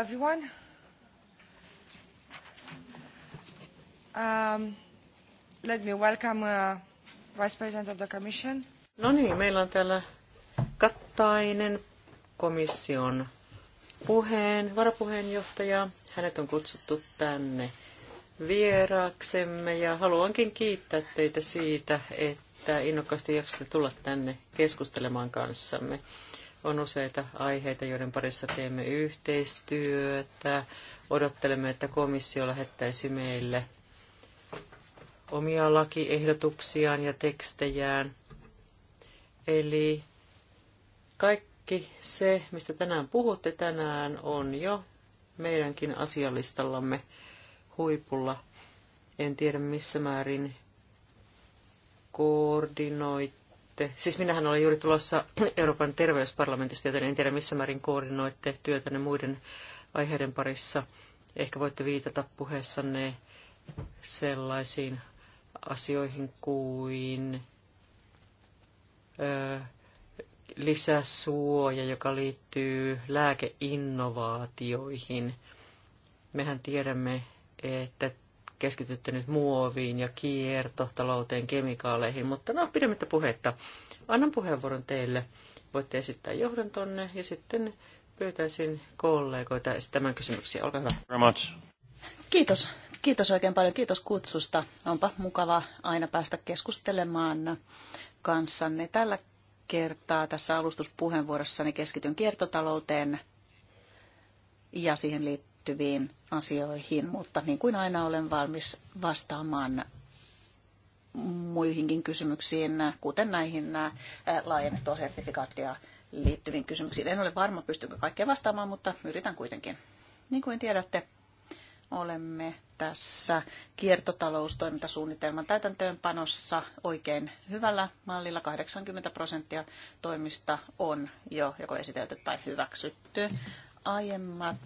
everyone. Um, let me welcome uh, Vice President of the Commission. No niin, meillä on täällä Kattainen komission puheen, varapuheenjohtaja. Hänet on kutsuttu tänne vieraaksemme ja haluankin kiittää teitä siitä, että innokkaasti jaksatte tulla tänne keskustelemaan kanssamme. On useita aiheita, joiden parissa teemme yhteistyötä. Odottelemme, että komissio lähettäisi meille omia lakiehdotuksiaan ja tekstejään. Eli kaikki se, mistä tänään puhutte tänään, on jo meidänkin asialistallamme huipulla. En tiedä missä määrin koordinoit koordinoitte? Siis minähän olen juuri tulossa Euroopan terveysparlamentista, joten en tiedä missä määrin koordinoitte työtänne muiden aiheiden parissa. Ehkä voitte viitata puheessanne sellaisiin asioihin kuin ö, lisäsuoja, joka liittyy lääkeinnovaatioihin. Mehän tiedämme, että keskitytty nyt muoviin ja kiertotalouteen, kemikaaleihin, mutta no, pidemmittä puhetta. Annan puheenvuoron teille. Voitte esittää tonne ja sitten pyytäisin kollegoita esittämään kysymyksiä. Olkaa hyvä. Very much. Kiitos. Kiitos oikein paljon. Kiitos kutsusta. Onpa mukava aina päästä keskustelemaan kanssanne. Tällä kertaa tässä alustuspuheenvuorossani keskityn kiertotalouteen ja siihen liittyen liittyviin asioihin, mutta niin kuin aina olen valmis vastaamaan muihinkin kysymyksiin, kuten näihin laajennettua sertifikaattia liittyviin kysymyksiin. En ole varma, pystynkö kaikkea vastaamaan, mutta yritän kuitenkin. Niin kuin tiedätte, olemme tässä kiertotaloustoimintasuunnitelman täytäntöönpanossa oikein hyvällä mallilla. 80 prosenttia toimista on jo joko esitelty tai hyväksytty. Aiemmat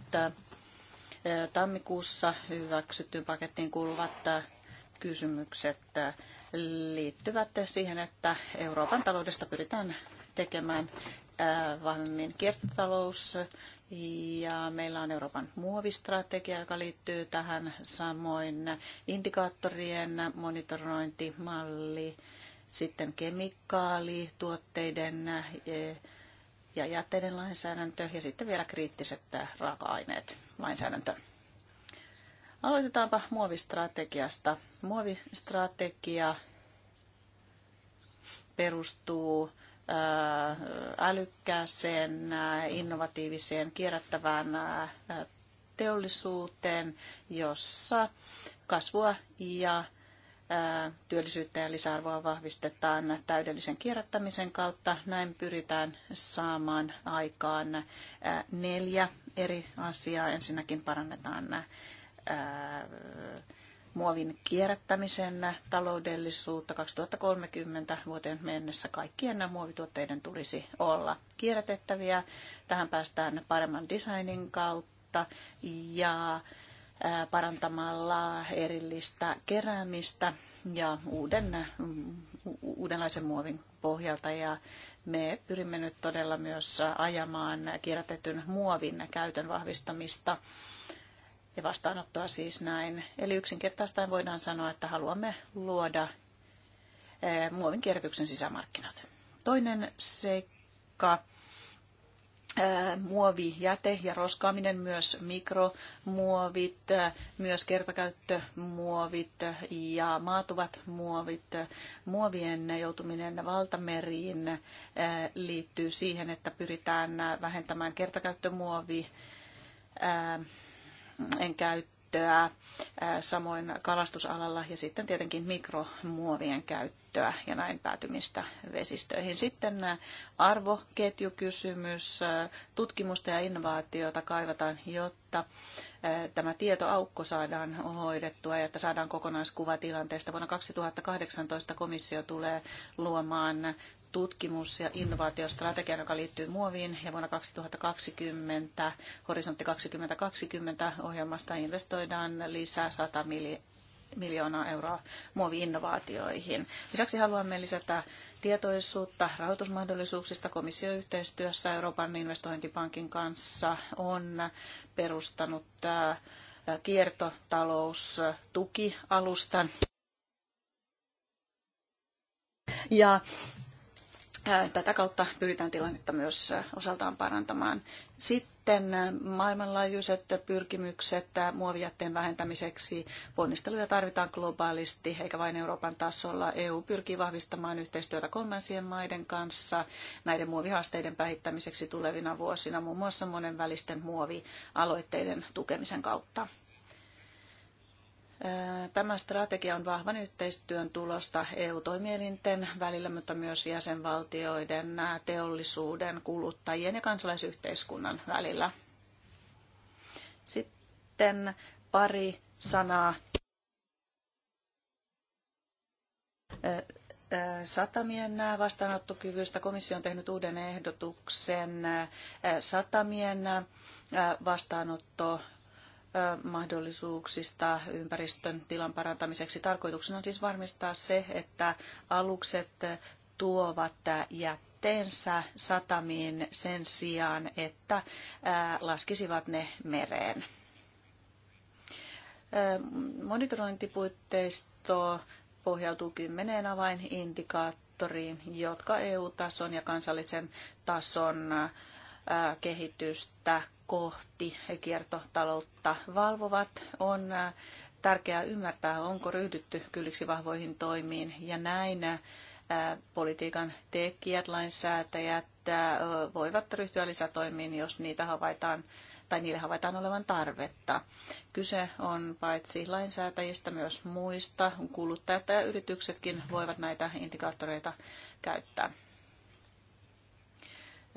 tammikuussa hyväksyttyyn pakettiin kuuluvat kysymykset liittyvät siihen, että Euroopan taloudesta pyritään tekemään vahvemmin kiertotalous ja meillä on Euroopan muovistrategia, joka liittyy tähän samoin indikaattorien monitorointimalli, sitten kemikaalituotteiden ja jätteiden lainsäädäntö ja sitten vielä kriittiset raaka-aineet lainsäädäntö. Aloitetaanpa muovistrategiasta. Muovistrategia perustuu äh, älykkääseen, äh, innovatiiviseen, kierrättävään äh, teollisuuteen, jossa kasvua ja työllisyyttä ja lisäarvoa vahvistetaan täydellisen kierrättämisen kautta. Näin pyritään saamaan aikaan neljä eri asiaa. Ensinnäkin parannetaan äh, muovin kierrättämisen taloudellisuutta 2030 vuoteen mennessä kaikkien nämä muovituotteiden tulisi olla kierrätettäviä. Tähän päästään paremman designin kautta ja äh, parantamalla erillistä keräämistä ja uuden, mm, uudenlaisen muovin pohjalta ja me pyrimme nyt todella myös ajamaan kierrätetyn muovin käytön vahvistamista ja vastaanottoa siis näin. Eli yksinkertaistaan voidaan sanoa, että haluamme luoda eh, muovin kierrätyksen sisämarkkinat. Toinen seikka muovijäte ja roskaaminen, myös mikromuovit, myös kertakäyttömuovit ja maatuvat muovit. Muovien joutuminen valtameriin liittyy siihen, että pyritään vähentämään kertakäyttömuovi en käyttöä käyttöä, samoin kalastusalalla ja sitten tietenkin mikromuovien käyttöä ja näin päätymistä vesistöihin. Sitten arvoketjukysymys, tutkimusta ja innovaatiota kaivataan, jotta tämä tietoaukko saadaan hoidettua ja että saadaan kokonaiskuva tilanteesta. Vuonna 2018 komissio tulee luomaan tutkimus- ja innovaatiostrategian, joka liittyy muoviin. Ja vuonna 2020 Horisontti 2020 ohjelmasta investoidaan lisää 100 miljoonaa euroa innovaatioihin. Lisäksi haluamme lisätä tietoisuutta rahoitusmahdollisuuksista komissioyhteistyössä Euroopan investointipankin kanssa on perustanut äh, kiertotaloustukialustan. Ja Tätä kautta pyritään tilannetta myös osaltaan parantamaan. Sitten maailmanlaajuiset pyrkimykset muovijätteen vähentämiseksi. Ponnisteluja tarvitaan globaalisti, eikä vain Euroopan tasolla. EU pyrkii vahvistamaan yhteistyötä kolmansien maiden kanssa näiden muovihaasteiden päihittämiseksi tulevina vuosina, muun muassa monenvälisten muovialoitteiden tukemisen kautta. Tämä strategia on vahvan yhteistyön tulosta EU-toimielinten välillä, mutta myös jäsenvaltioiden, teollisuuden, kuluttajien ja kansalaisyhteiskunnan välillä. Sitten pari sanaa satamien vastaanottokyvystä. Komissio on tehnyt uuden ehdotuksen satamien vastaanotto mahdollisuuksista ympäristön tilan parantamiseksi. Tarkoituksena on siis varmistaa se, että alukset tuovat jätteensä satamiin sen sijaan, että laskisivat ne mereen. Monitorointipuitteisto pohjautuu kymmeneen avainindikaattoriin, jotka EU-tason ja kansallisen tason kehitystä kohti kiertotaloutta valvovat, on äh, tärkeää ymmärtää, onko ryhdytty kylliksi vahvoihin toimiin ja näin äh, politiikan tekijät, lainsäätäjät äh, voivat ryhtyä lisätoimiin, jos niitä havaitaan tai niille havaitaan olevan tarvetta. Kyse on paitsi lainsäätäjistä myös muista. Kuluttajat ja yrityksetkin voivat näitä indikaattoreita käyttää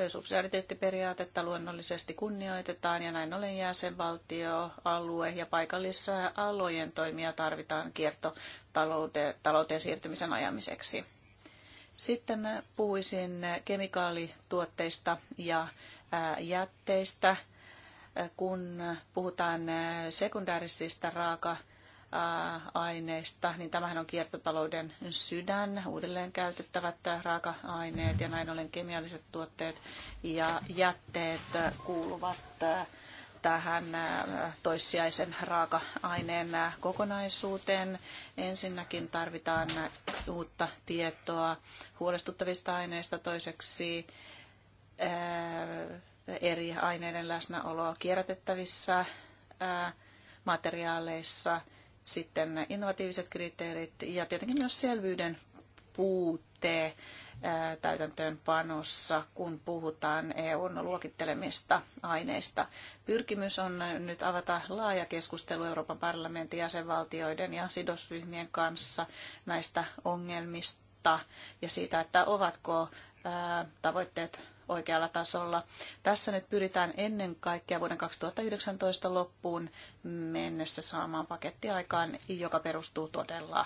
subsidiariteettiperiaatetta luonnollisesti kunnioitetaan ja näin ollen jäsenvaltio, alue ja alojen toimia tarvitaan kiertotalouteen siirtymisen ajamiseksi. Sitten puhuisin kemikaalituotteista ja jätteistä. Kun puhutaan sekundäärisistä raaka aineista, niin tämähän on kiertotalouden sydän, uudelleen käytettävät raaka-aineet ja näin ollen kemialliset tuotteet ja jätteet kuuluvat tähän toissijaisen raaka-aineen kokonaisuuteen. Ensinnäkin tarvitaan uutta tietoa huolestuttavista aineista, toiseksi eri aineiden läsnäoloa kierrätettävissä materiaaleissa – sitten innovatiiviset kriteerit ja tietenkin myös selvyyden puute täytäntöönpanossa, kun puhutaan EUn luokittelemista aineista. Pyrkimys on nyt avata laaja keskustelu Euroopan parlamentin jäsenvaltioiden ja sidosryhmien kanssa näistä ongelmista ja siitä, että ovatko tavoitteet oikealla tasolla. Tässä nyt pyritään ennen kaikkea vuoden 2019 loppuun mennessä saamaan paketti aikaan, joka perustuu todella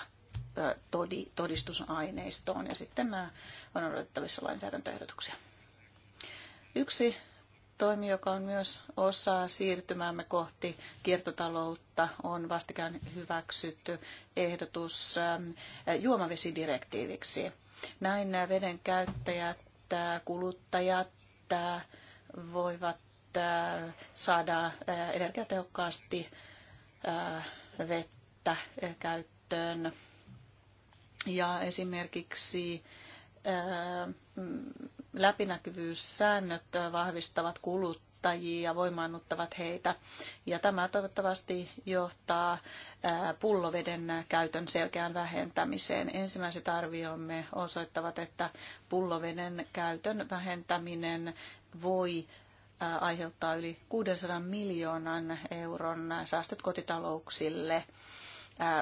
todistusaineistoon ja sitten nämä on odotettavissa lainsäädäntöehdotuksia. Yksi toimi, joka on myös osa siirtymäämme kohti kiertotaloutta, on vastikään hyväksytty ehdotus juomavesidirektiiviksi. Näin nämä veden käyttäjät kuluttajat voivat saada energiatehokkaasti vettä käyttöön. Ja esimerkiksi mm, läpinäkyvyyssäännöt vahvistavat kuluttajat kuluttajia, voimaannuttavat heitä. Ja tämä toivottavasti johtaa pulloveden käytön selkeään vähentämiseen. Ensimmäiset arviomme osoittavat, että pulloveden käytön vähentäminen voi aiheuttaa yli 600 miljoonan euron säästöt kotitalouksille –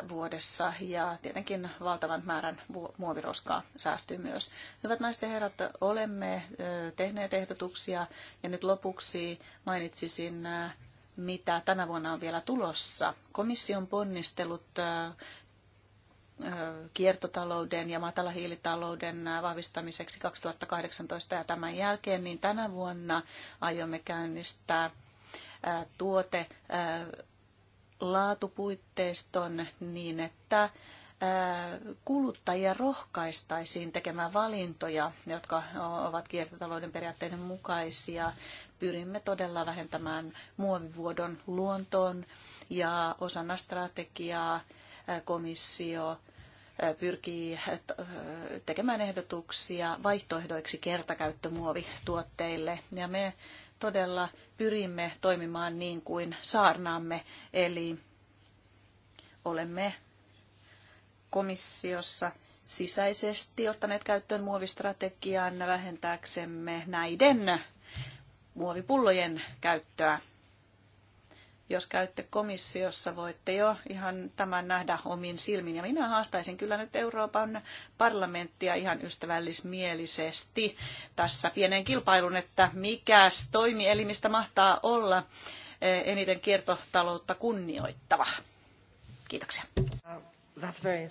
vuodessa ja tietenkin valtavan määrän muoviroskaa säästyy myös. Hyvät naiset ja herrat, olemme tehneet ehdotuksia ja nyt lopuksi mainitsisin mitä tänä vuonna on vielä tulossa. Komission ponnistelut kiertotalouden ja matalahiilitalouden vahvistamiseksi 2018 ja tämän jälkeen, niin tänä vuonna aiomme käynnistää tuote laatupuitteiston niin, että kuluttajia rohkaistaisiin tekemään valintoja, jotka ovat kiertotalouden periaatteiden mukaisia. Pyrimme todella vähentämään muovivuodon luontoon ja osana strategiaa komissio pyrkii tekemään ehdotuksia vaihtoehdoiksi kertakäyttömuovituotteille. Ja me todella pyrimme toimimaan niin kuin saarnaamme, eli olemme komissiossa sisäisesti ottaneet käyttöön muovistrategian vähentääksemme näiden muovipullojen käyttöä jos käytte komissiossa, voitte jo ihan tämän nähdä omin silmin. Ja minä haastaisin kyllä nyt Euroopan parlamenttia ihan ystävällismielisesti tässä pienen kilpailun, että mikäs toimielimistä mahtaa olla eh, eniten kiertotaloutta kunnioittava. Kiitoksia.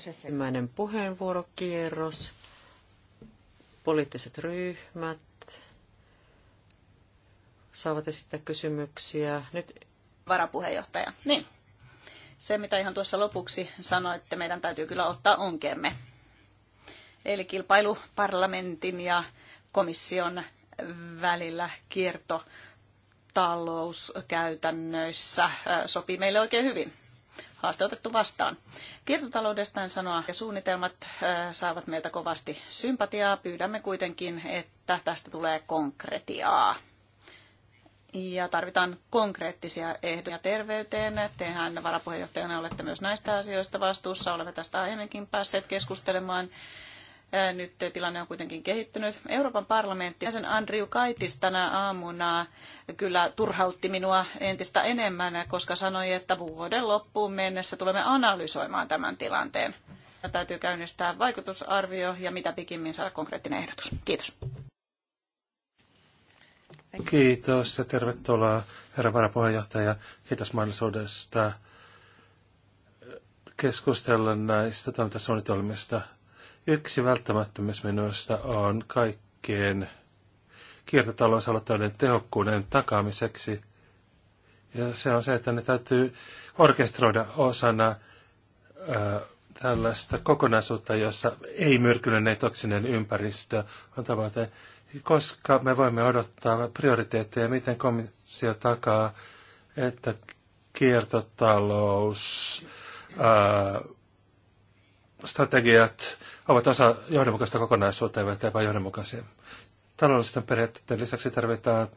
Ensimmäinen puheenvuorokierros, poliittiset ryhmät saavat esittää kysymyksiä. Nyt varapuheenjohtaja. Niin. Se, mitä ihan tuossa lopuksi että meidän täytyy kyllä ottaa onkeemme. Eli kilpailu parlamentin ja komission välillä kierto talouskäytännöissä äh, sopii meille oikein hyvin. Haaste otettu vastaan. Kiertotaloudesta en sanoa, ja suunnitelmat äh, saavat meiltä kovasti sympatiaa. Pyydämme kuitenkin, että tästä tulee konkretiaa ja tarvitaan konkreettisia ehdoja terveyteen. Tehän varapuheenjohtajana olette myös näistä asioista vastuussa. Olemme tästä aiemminkin päässeet keskustelemaan. Nyt tilanne on kuitenkin kehittynyt. Euroopan parlamentti ja sen Andriu Kaitis tänä aamuna kyllä turhautti minua entistä enemmän, koska sanoi, että vuoden loppuun mennessä tulemme analysoimaan tämän tilanteen. Täytyy käynnistää vaikutusarvio ja mitä pikimmin saada konkreettinen ehdotus. Kiitos. Kiitos ja tervetuloa herra varapuheenjohtaja. Kiitos mahdollisuudesta eh, keskustella näistä toimintasuunnitelmista. Yksi välttämättömyys minusta on kaikkien kiertotalousaloitteiden tehokkuuden takaamiseksi. Ja se on se, että ne täytyy orkestroida osana ää, eh, tällaista kokonaisuutta, jossa ei-myrkyllinen, ei-toksinen ympäristö on tavoite koska me voimme odottaa prioriteetteja, miten komissio takaa, että kiertotalous, ää, strategiat ovat osa johdonmukaista kokonaisuutta, eivätkä epäjohdonmukaisia. Taloudellisten periaatteiden lisäksi tarvitaan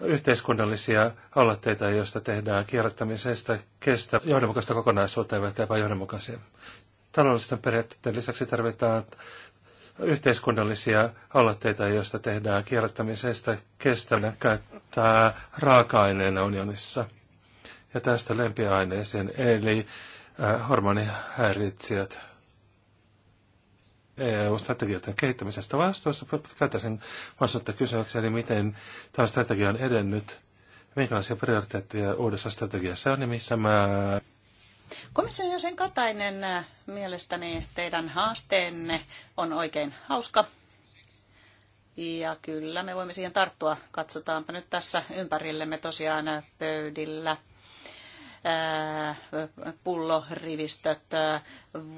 yhteiskunnallisia aloitteita, joista tehdään kierrättämisestä kestä johdonmukaista kokonaisuutta, eivätkä epäjohdonmukaisia. Taloudellisten periaatteiden lisäksi tarvitaan yhteiskunnallisia aloitteita, joista tehdään kierrättämisestä kestävänä käyttää raaka-aineena unionissa. Ja tästä lempiaineeseen, eli äh, hormonihäiritsijät. EU-strategioiden kehittämisestä vastuussa. Käytäisin vastuutta kysymykseen, eli miten tämä strategia on edennyt, minkälaisia prioriteetteja uudessa strategiassa on ja missä mä Komission jäsen Katainen, mielestäni teidän haasteenne on oikein hauska. Ja kyllä, me voimme siihen tarttua. Katsotaanpa nyt tässä ympärillemme tosiaan pöydillä pullorivistöt,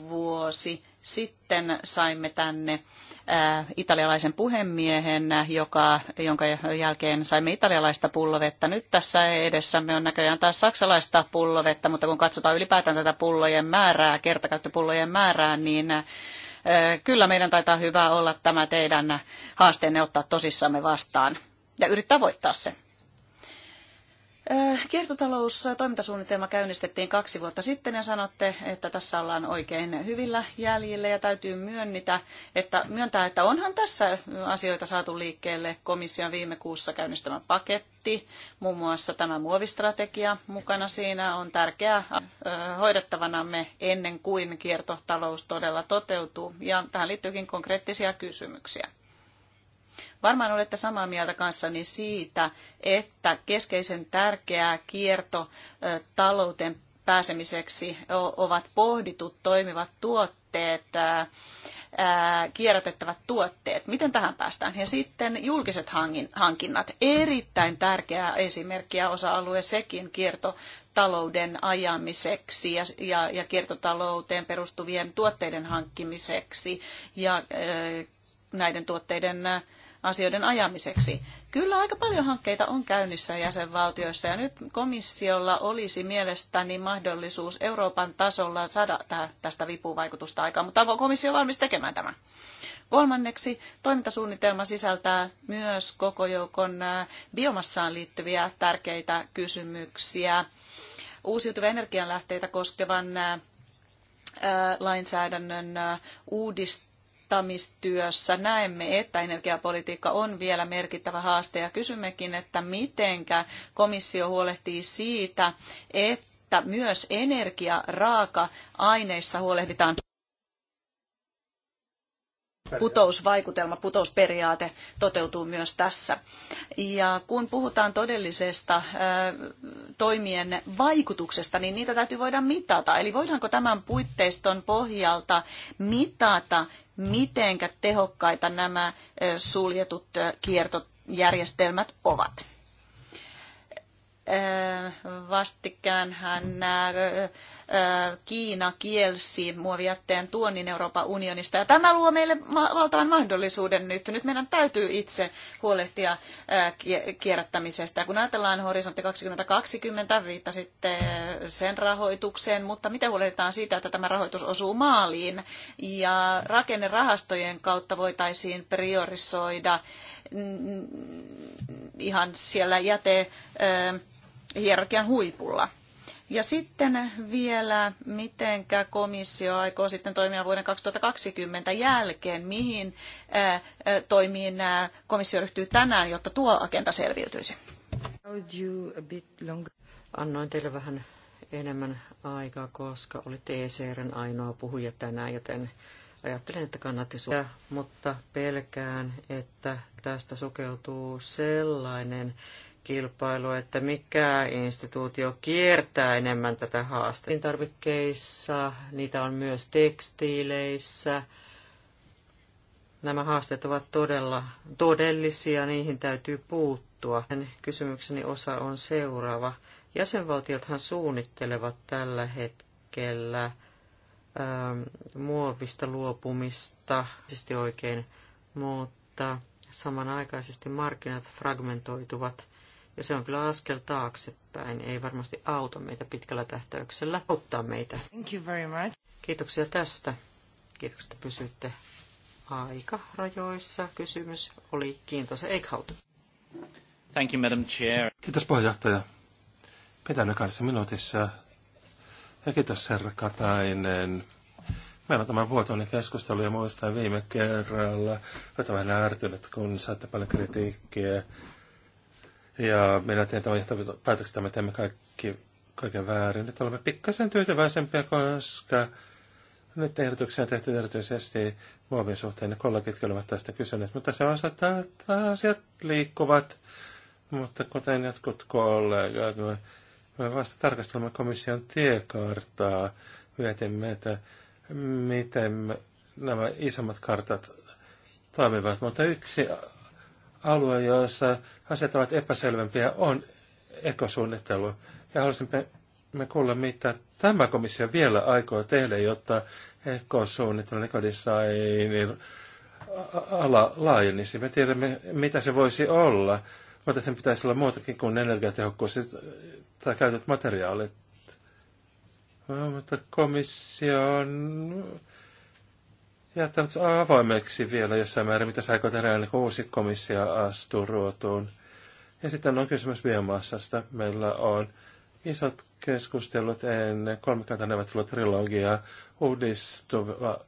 vuosi sitten saimme tänne äh, italialaisen puhemiehen, joka, jonka jälkeen saimme italialaista pullovettä. Nyt tässä edessämme on näköjään taas saksalaista pullovettä, mutta kun katsotaan ylipäätään tätä pullojen määrää, kertakäyttöpullojen määrää, niin äh, kyllä meidän taitaa hyvä olla tämä teidän haasteenne ottaa tosissamme vastaan ja yrittää voittaa se. Eh, kiertotaloustoimintasuunnitelma käynnistettiin kaksi vuotta sitten ja sanotte, että tässä ollaan oikein hyvillä jäljillä ja täytyy myönnitä, että, myöntää, että onhan tässä asioita saatu liikkeelle komission viime kuussa käynnistämä paketti. Muun muassa tämä muovistrategia mukana siinä on tärkeä eh, hoidettavanamme ennen kuin kiertotalous todella toteutuu. Ja tähän liittyykin konkreettisia kysymyksiä. Varmaan olette samaa mieltä kanssani siitä, että keskeisen tärkeää kiertotalouteen pääsemiseksi ovat pohditut toimivat tuotteet, kierrätettävät tuotteet. Miten tähän päästään? Ja sitten julkiset hankinnat. Erittäin tärkeää esimerkkiä osa-alue sekin kiertotalouden ajamiseksi ja, ja, ja kiertotalouteen perustuvien tuotteiden hankkimiseksi ja näiden tuotteiden asioiden ajamiseksi. Kyllä aika paljon hankkeita on käynnissä jäsenvaltioissa ja nyt komissiolla olisi mielestäni mahdollisuus Euroopan tasolla saada tästä vipuvaikutusta aikaan, mutta onko komissio valmis tekemään tämän? Kolmanneksi toimintasuunnitelma sisältää myös koko joukon biomassaan liittyviä tärkeitä kysymyksiä. Uusiutuvia energianlähteitä koskevan lainsäädännön uudistamista vaikuttamistyössä näemme, että energiapolitiikka on vielä merkittävä haaste ja kysymmekin, että mitenkä komissio huolehtii siitä, että myös energiaraaka-aineissa huolehditaan putousvaikutelma, putousperiaate toteutuu myös tässä. Ja kun puhutaan todellisesta toimien vaikutuksesta, niin niitä täytyy voida mitata. Eli voidaanko tämän puitteiston pohjalta mitata mitenkä tehokkaita nämä suljetut kiertojärjestelmät ovat. Äh, vastikään hän äh, äh, Kiina kielsi muovijätteen tuonnin Euroopan unionista. Ja tämä luo meille valtavan mahdollisuuden nyt. Nyt meidän täytyy itse huolehtia kierrättämisestä. Kun ajatellaan horisontti 2020, viittasitte sen rahoitukseen, mutta miten huolehditaan siitä, että tämä rahoitus osuu maaliin ja rakennerahastojen kautta voitaisiin priorisoida mm, mm, ihan siellä jäte hierarkian huipulla. Ja sitten vielä, mitenkä komissio aikoo sitten toimia vuoden 2020 jälkeen, mihin toimiin komissio ryhtyy tänään, jotta tuo agenda selviytyisi? Annoin teille vähän enemmän aikaa, koska olitte ECRn ainoa puhuja tänään, joten ajattelin, että kannatti suoraan. mutta pelkään, että tästä sukeutuu sellainen kilpailu, että mikä instituutio kiertää enemmän tätä haastetta. Tarvikkeissa, niitä on myös tekstiileissä. Nämä haasteet ovat todella todellisia, niihin täytyy puuttua. Kysymykseni osa on seuraava. Jäsenvaltiothan suunnittelevat tällä hetkellä ähm, muovista luopumista, siis oikein, mutta samanaikaisesti markkinat fragmentoituvat ja se on kyllä askel taaksepäin, ei varmasti auta meitä pitkällä tähtäyksellä, auttaa meitä. Thank you very much. Kiitoksia tästä. Kiitoksia, että pysyitte aikarajoissa. Kysymys oli kiintoisa Eichhout. Thank you, Madam Chair. Kiitos puheenjohtaja. Pitänyt kahdessa minuutissa. Ja kiitos herra Katainen. Meillä on tämä vuotoinen keskustelu ja muistan viime kerralla. Olet vähän ärtynyt, kun saatte paljon kritiikkiä ja minä teen tämän johtopäätöksen, että me teemme kaikki, kaiken väärin. Nyt olemme pikkasen tyytyväisempiä, koska nyt ehdotuksia on tehty erityisesti muovin suhteen. Ne kollegitkin olivat tästä kysyneet, mutta se osoittaa, että asiat liikkuvat. Mutta kuten jotkut kollegat, me, me vasta tarkastelemme komission tiekarttaa. Mietimme, että miten nämä isommat kartat toimivat. Mutta yksi alue, jossa asiat ovat epäselvempiä, on ekosuunnittelu. Ja haluaisimme me kuulla, mitä tämä komissio vielä aikoo tehdä, jotta ekosuunnittelu, ekodesignin ala laajenisi. Me tiedämme, mitä se voisi olla, mutta sen pitäisi olla muutakin kuin energiatehokkuus tai käytetyt materiaalit. No, mutta komissio on jättänyt avoimeksi vielä jossain määrin, mitä saiko tehdä niin kuin uusi komissio astuu ruotuun. Ja sitten on kysymys biomassasta. Meillä on isot keskustelut ennen kolmikantaneuvottelut trilogiaa uudistuva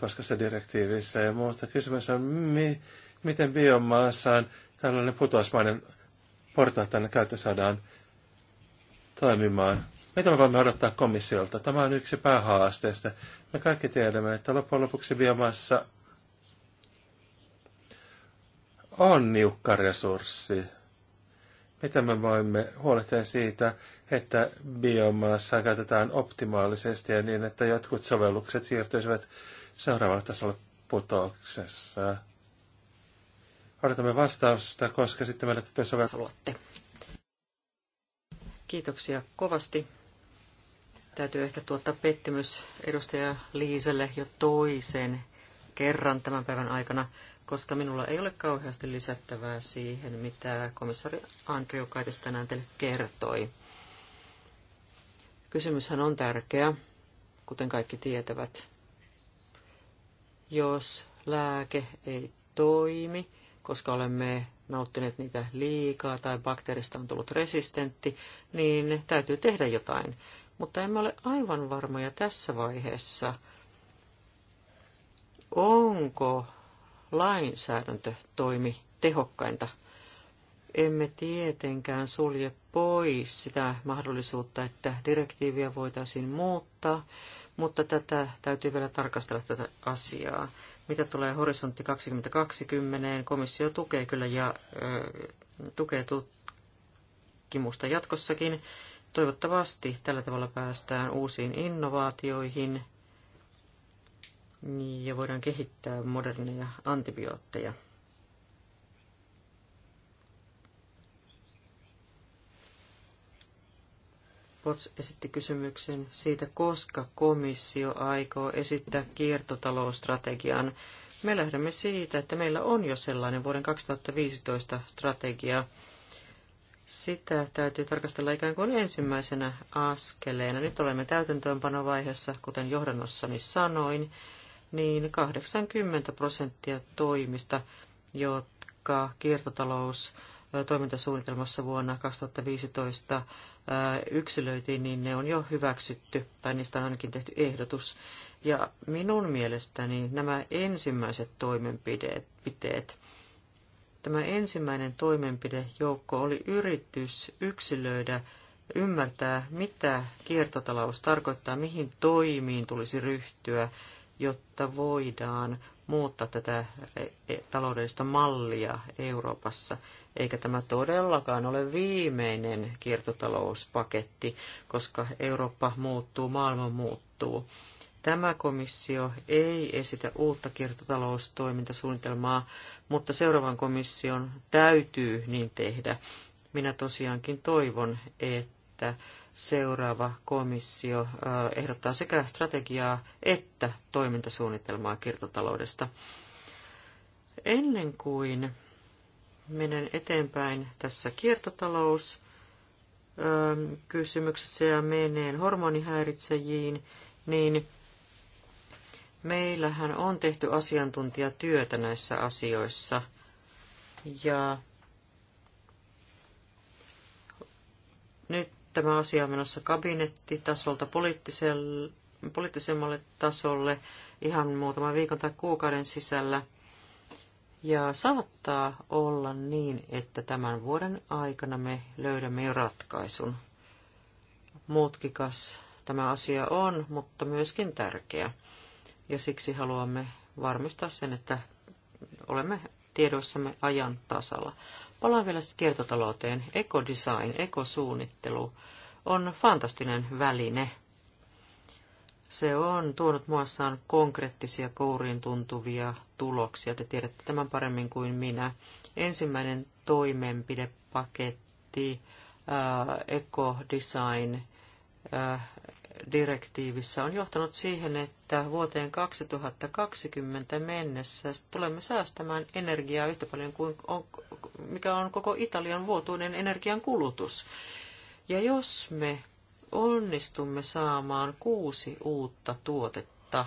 koskassa direktiivissä ja muuta. Kysymys on, mi, miten biomassaan tällainen putoasmainen portaat tänne käyttö saadaan toimimaan. Mitä me voimme odottaa komissiolta? Tämä on yksi päähaasteista. Me kaikki tiedämme, että loppujen lopuksi biomassa on niukka resurssi. Mitä me voimme huolehtia siitä, että biomassa käytetään optimaalisesti ja niin, että jotkut sovellukset siirtyisivät seuraavalle tasolle putoksessa? Odotamme vastausta, koska sitten meillä täytyy soveltaa. Kiitoksia kovasti. Täytyy ehkä tuottaa pettymys edustaja Liiselle jo toisen kerran tämän päivän aikana, koska minulla ei ole kauheasti lisättävää siihen, mitä komissari Andrew Kaitis tänään teille kertoi. Kysymyshän on tärkeä, kuten kaikki tietävät. Jos lääke ei toimi, koska olemme nauttineet niitä liikaa tai bakteerista on tullut resistentti, niin täytyy tehdä jotain mutta emme ole aivan varmoja tässä vaiheessa, onko toimi tehokkainta. Emme tietenkään sulje pois sitä mahdollisuutta, että direktiiviä voitaisiin muuttaa, mutta tätä täytyy vielä tarkastella tätä asiaa. Mitä tulee horisontti 2020, komissio tukee kyllä ja tukee tutkimusta jatkossakin Toivottavasti tällä tavalla päästään uusiin innovaatioihin ja voidaan kehittää moderneja antibiootteja. Pots esitti kysymyksen siitä, koska komissio aikoo esittää kiertotalousstrategian. Me lähdemme siitä, että meillä on jo sellainen vuoden 2015 strategia, sitä täytyy tarkastella ikään kuin ensimmäisenä askeleena. Nyt olemme täytäntöönpanovaiheessa, kuten johdannossani sanoin, niin 80 prosenttia toimista, jotka kiertotalous toimintasuunnitelmassa vuonna 2015 yksilöitiin, niin ne on jo hyväksytty, tai niistä on ainakin tehty ehdotus. Ja minun mielestäni nämä ensimmäiset toimenpiteet, Tämä ensimmäinen toimenpidejoukko oli yritys yksilöidä, ymmärtää, mitä kiertotalous tarkoittaa, mihin toimiin tulisi ryhtyä, jotta voidaan muuttaa tätä e- taloudellista mallia Euroopassa eikä tämä todellakaan ole viimeinen kiertotalouspaketti, koska Eurooppa muuttuu, maailma muuttuu. Tämä komissio ei esitä uutta kiertotaloustoimintasuunnitelmaa, mutta seuraavan komission täytyy niin tehdä. Minä tosiaankin toivon, että seuraava komissio ehdottaa sekä strategiaa että toimintasuunnitelmaa kiertotaloudesta. Ennen kuin menen eteenpäin tässä kiertotalous ähm, kysymyksessä ja meneen hormonihäiritsejiin, niin meillähän on tehty asiantuntijatyötä näissä asioissa. Ja nyt tämä asia on menossa kabinettitasolta poliittisemmalle tasolle ihan muutaman viikon tai kuukauden sisällä – ja saattaa olla niin, että tämän vuoden aikana me löydämme jo ratkaisun. Mutkikas tämä asia on, mutta myöskin tärkeä. Ja siksi haluamme varmistaa sen, että olemme tiedossamme ajan tasalla. Palaan vielä kiertotalouteen. Ekodesign, ekosuunnittelu on fantastinen väline. Se on tuonut muassaan konkreettisia kouriin tuntuvia tuloksia. Te tiedätte tämän paremmin kuin minä. Ensimmäinen toimenpidepaketti äh, ekodesign äh, direktiivissä on johtanut siihen, että vuoteen 2020 mennessä tulemme säästämään energiaa yhtä paljon kuin on, mikä on koko Italian vuotuinen energian kulutus. Ja jos me onnistumme saamaan kuusi uutta tuotetta,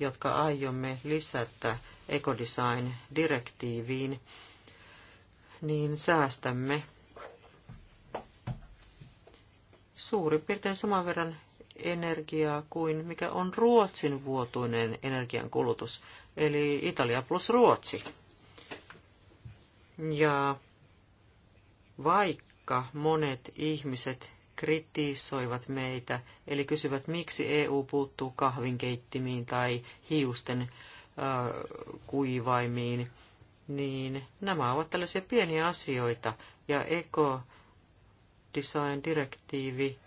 jotka aiomme lisätä ekodesign-direktiiviin, niin säästämme suurin piirtein saman verran energiaa kuin mikä on Ruotsin vuotuinen energiankulutus, eli Italia plus Ruotsi. Ja vaikka monet ihmiset kritisoivat meitä, eli kysyvät, miksi EU puuttuu kahvinkeittimiin tai hiusten kuivaimiin, niin nämä ovat tällaisia pieniä asioita. Ja Eco Design-direktiivi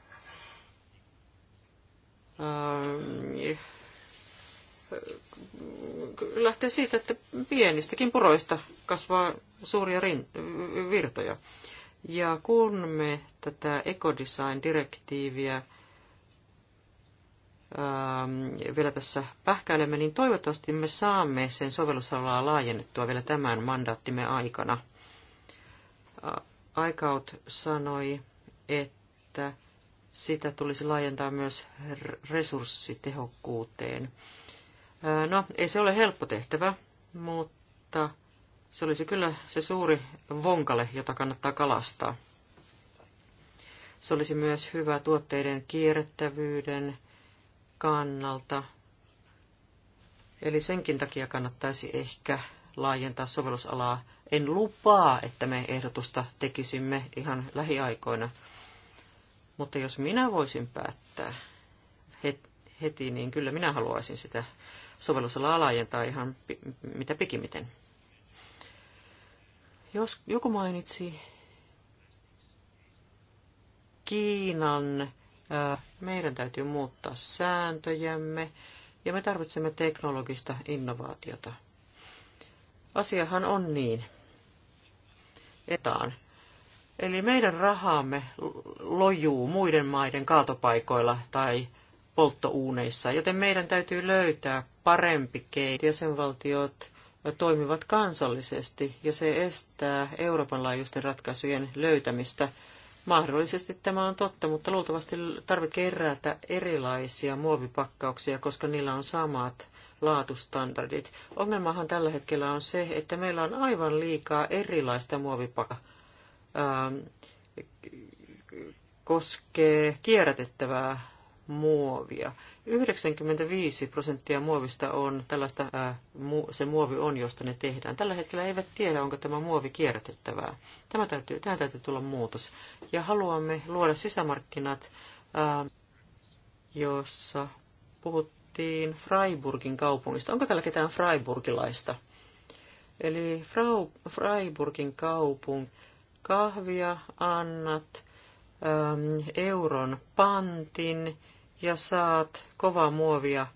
lähtee siitä, että pienistäkin puroista kasvaa suuria virtoja. Ja kun me tätä ekodesign-direktiiviä Ähm, vielä tässä pähkäilemme, niin toivottavasti me saamme sen sovellusalaa laajennettua vielä tämän mandaattimme aikana. Äh, Aikaut sanoi, että sitä tulisi laajentaa myös resurssitehokkuuteen. Äh, no, ei se ole helppo tehtävä, mutta se olisi kyllä se suuri vonkale, jota kannattaa kalastaa. Se olisi myös hyvä tuotteiden kierrettävyyden kannalta. Eli senkin takia kannattaisi ehkä laajentaa sovellusalaa. En lupaa, että me ehdotusta tekisimme ihan lähiaikoina. Mutta jos minä voisin päättää heti, niin kyllä minä haluaisin sitä sovellusalaa laajentaa ihan mitä pikimiten. Jos joku mainitsi Kiinan meidän täytyy muuttaa sääntöjämme ja me tarvitsemme teknologista innovaatiota. Asiahan on niin. Etaan. Eli meidän rahamme lojuu muiden maiden kaatopaikoilla tai polttouuneissa, joten meidän täytyy löytää parempi keino. Jäsenvaltiot toimivat kansallisesti ja se estää Euroopan laajuisten ratkaisujen löytämistä Mahdollisesti tämä on totta, mutta luultavasti tarve kerätä erilaisia muovipakkauksia, koska niillä on samat laatustandardit. Ongelmahan tällä hetkellä on se, että meillä on aivan liikaa erilaista muovipakkaa. koskee kierrätettävää muovia. 95 prosenttia muovista on tällaista, ää, mu, se muovi on, josta ne tehdään. Tällä hetkellä eivät tiedä, onko tämä muovi kierrätettävää. Tämä täytyy, tähän täytyy tulla muutos. Ja haluamme luoda sisämarkkinat, ää, jossa puhuttiin Freiburgin kaupungista. Onko täällä ketään Freiburgilaista? Eli Frau, Freiburgin kaupung, kahvia annat, ää, euron pantin, ja saat kovaa muovia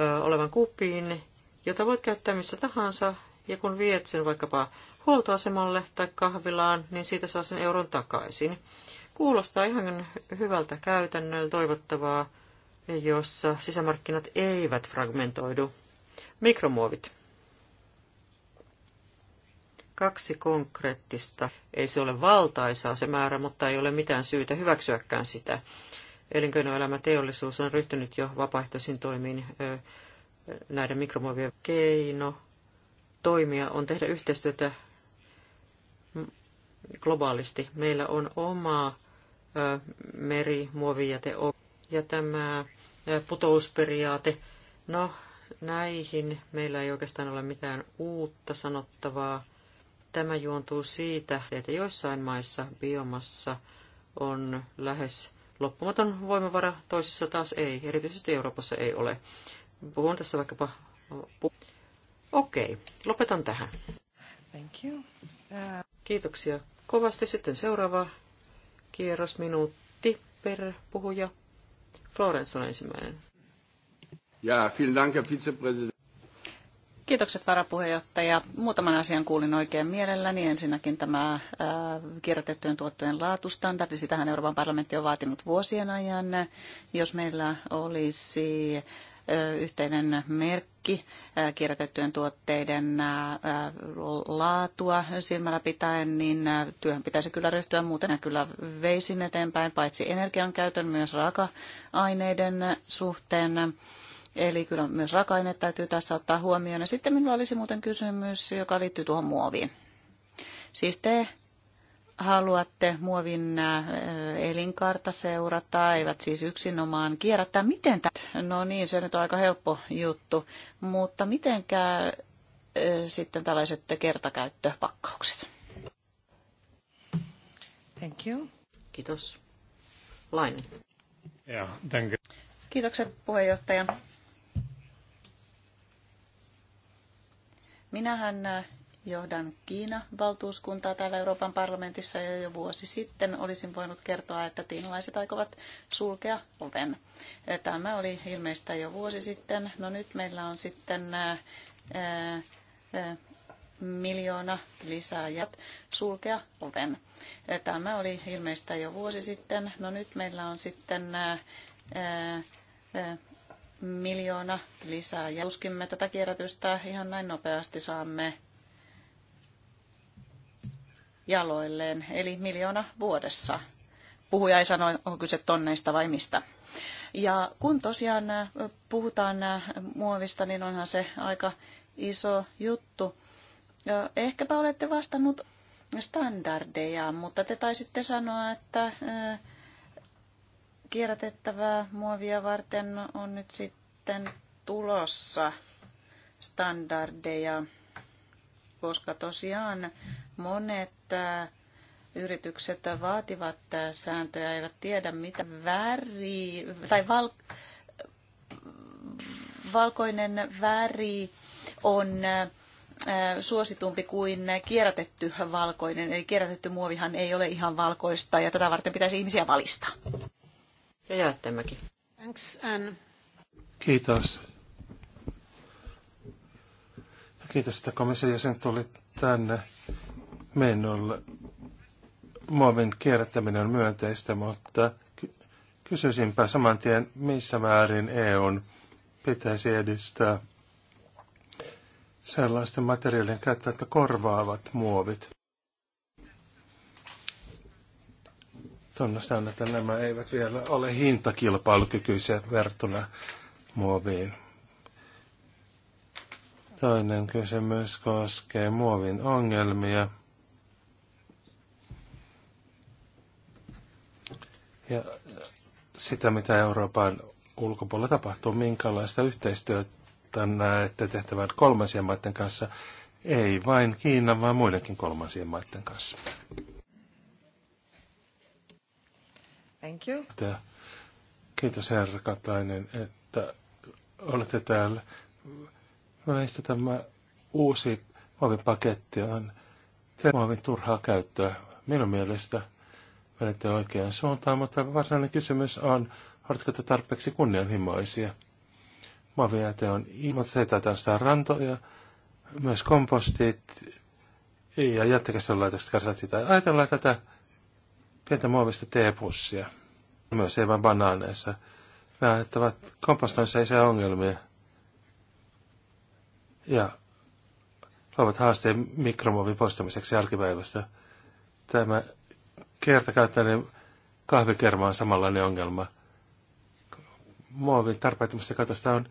ö, olevan kuppiin, jota voit käyttää missä tahansa, ja kun viet sen vaikkapa huoltoasemalle tai kahvilaan, niin siitä saa sen euron takaisin. Kuulostaa ihan hyvältä käytännöllä toivottavaa, jossa sisämarkkinat eivät fragmentoidu. Mikromuovit. Kaksi konkreettista. Ei se ole valtaisaa se määrä, mutta ei ole mitään syytä hyväksyäkään sitä elinkeinoelämä teollisuus on ryhtynyt jo vapaaehtoisiin toimiin näiden mikromuovien keino toimia on tehdä yhteistyötä globaalisti. Meillä on oma merimuovijäte ja tämä putousperiaate. No, näihin meillä ei oikeastaan ole mitään uutta sanottavaa. Tämä juontuu siitä, että joissain maissa biomassa on lähes loppumaton voimavara, toisissa taas ei, erityisesti Euroopassa ei ole. Puhun tässä vaikkapa... Okei, lopetan tähän. Thank you. Uh... Kiitoksia kovasti. Sitten seuraava kierros, minuutti per puhuja. Florence on ensimmäinen. Ja, vielen Dank, Herr Vizepräsident. Kiitokset varapuheenjohtaja. Muutaman asian kuulin oikein mielelläni. Ensinnäkin tämä ää, äh, kierrätettyjen tuottojen laatustandardi. Sitähän Euroopan parlamentti on vaatinut vuosien ajan. Jos meillä olisi äh, yhteinen merkki äh, kierrätettyjen tuotteiden laatua silmällä pitäen, niin työhön pitäisi kyllä ryhtyä. Muuten ja kyllä veisin eteenpäin paitsi energian käytön myös raaka-aineiden suhteen Eli kyllä myös raaka-aineet täytyy tässä ottaa huomioon. Ja sitten minulla olisi muuten kysymys, joka liittyy tuohon muoviin. Siis te haluatte muovin äh, elinkaarta seurata, eivät siis yksinomaan kierrättää. Miten tämä? No niin, se nyt on aika helppo juttu, mutta miten äh, sitten tällaiset kertakäyttöpakkaukset? Thank you. Kiitos. Lain. Yeah, thank you. Kiitokset puheenjohtaja. Minähän äh, johdan Kiina-valtuuskuntaa täällä Euroopan parlamentissa ja jo vuosi sitten olisin voinut kertoa, että tiinalaiset aikovat sulkea oven. Äh, tämä oli ilmeistä jo vuosi sitten. No nyt meillä on sitten ää, äh, ää, miljoona lisää sulkea oven. Tämä oli ilmeistä jo vuosi sitten. No nyt meillä on sitten ää, ää, miljoona lisää. Ja uskin me tätä kierrätystä ihan näin nopeasti saamme jaloilleen, eli miljoona vuodessa. Puhuja ei sano, onko kyse tonneista vai mistä. Ja kun tosiaan puhutaan muovista, niin onhan se aika iso juttu. Ehkäpä olette vastannut standardeja, mutta te taisitte sanoa, että kierrätettävää muovia varten on nyt sitten tulossa standardeja, koska tosiaan monet äh, yritykset vaativat äh, sääntöjä, eivät tiedä mitä väri tai val, valkoinen väri on äh, suositumpi kuin kierrätetty valkoinen. Eli kierrätetty muovihan ei ole ihan valkoista ja tätä varten pitäisi ihmisiä valistaa. Ja Jäättämäki. Thanks, Anne. Kiitos. Ja kiitos, että komission jäsen tuli tänne menolle. Muovin kierrättäminen on myönteistä, mutta kysyisinpä saman tien, missä määrin EUn pitäisi edistää sellaisten materiaalien käyttöä, jotka korvaavat muovit. tunnustan, että nämä eivät vielä ole hintakilpailukykyisiä vertuna muoviin. Toinen kysymys koskee muovin ongelmia. Ja sitä, mitä Euroopan ulkopuolella tapahtuu, minkälaista yhteistyötä näette tehtävän kolmansien maiden kanssa, ei vain Kiinan, vaan muidenkin kolmansien maiden kanssa. Thank you. Kiitos herra Katainen, että olette täällä. Meistä tämä uusi muovipaketti on muovin turhaa käyttöä. Minun mielestä menette oikeaan suuntaan, mutta varsinainen kysymys on, oletko te tarpeeksi kunnianhimoisia? Muovijäte on ilmoitteita sitä rantoja, myös kompostit ja jättekäsittelylaitokset kärsivät sitä. Ajatellaan tätä pientä muovista teepussia. Myös ei vain banaaneissa. Nämä aiheuttavat kompostoissa ei saa ongelmia. Ja luovat haasteen mikromuovin poistamiseksi jälkipäivästä. Tämä kertakäyttäinen kahvikerma on samanlainen ongelma. Muovin tarpeettomista katosta on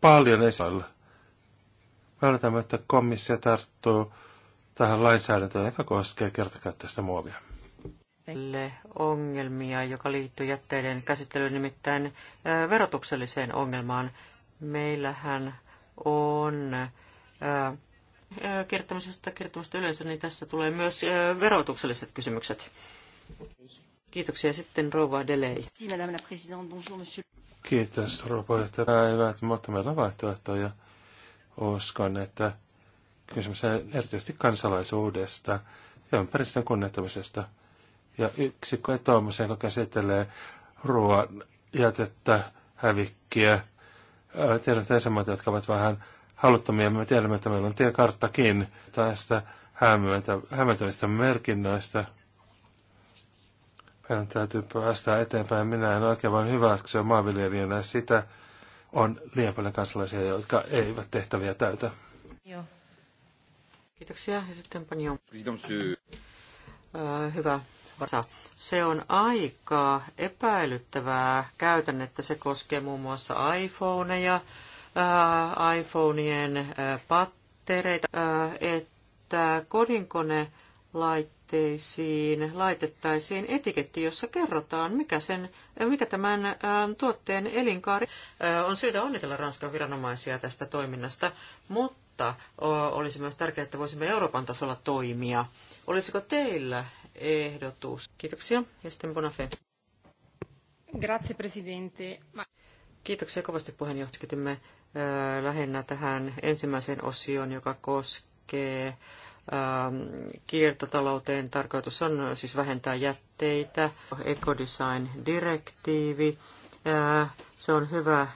paljon esillä. Me odotamme, että komissio tarttuu tähän lainsäädäntöön, joka koskee kertakäyttäistä muovia ongelmia, joka liittyy jätteiden käsittelyyn, nimittäin verotukselliseen ongelmaan. Meillähän on kirjoittamisesta kirjoittamista yleensä, niin tässä tulee myös verotukselliset kysymykset. Kiitoksia. Sitten rouva Delei. Kiitos, rouva puheenjohtaja. Hyvät, mutta meillä on vaihtoehtoja. Uskon, että kysymys on erityisesti kansalaisuudesta ja ympäristön kunnettamisesta ja yksi etoomus, joka käsittelee ruoan jätettä, hävikkiä. Tiedän, että jäsenmaat, jotka ovat vähän haluttomia, me tiedämme, että meillä on tiekarttakin tästä hämmentävistä merkinnöistä. Meidän täytyy päästä eteenpäin. Minä en oikein vain hyväksyä maanviljelijänä sitä. On liian paljon kansalaisia, jotka eivät tehtäviä täytä. Joo. Kiitoksia. Ja sitten Panjo. Hyvä vasa. Se on aika epäilyttävää käytännettä. Se koskee muun muassa iPhoneja, ää, äh, iPhoneien ää, äh, pattereita, ää, äh, että kodinkone laitteisiin laitettaisiin etiketti, jossa kerrotaan, mikä, sen, mikä tämän ä, tuotteen elinkaari. Ä, on syytä onnitella Ranskan viranomaisia tästä toiminnasta, mutta o, olisi myös tärkeää, että voisimme Euroopan tasolla toimia. Olisiko teillä ehdotus. Kiitoksia. Ja sitten Bonafé. Grazie, presidente. Kiitoksia kovasti puheenjohtajamme lähinnä tähän ensimmäiseen osioon, joka koskee kiertotalouteen. Tarkoitus on siis vähentää jätteitä. Ecodesign-direktiivi. Se on hyvä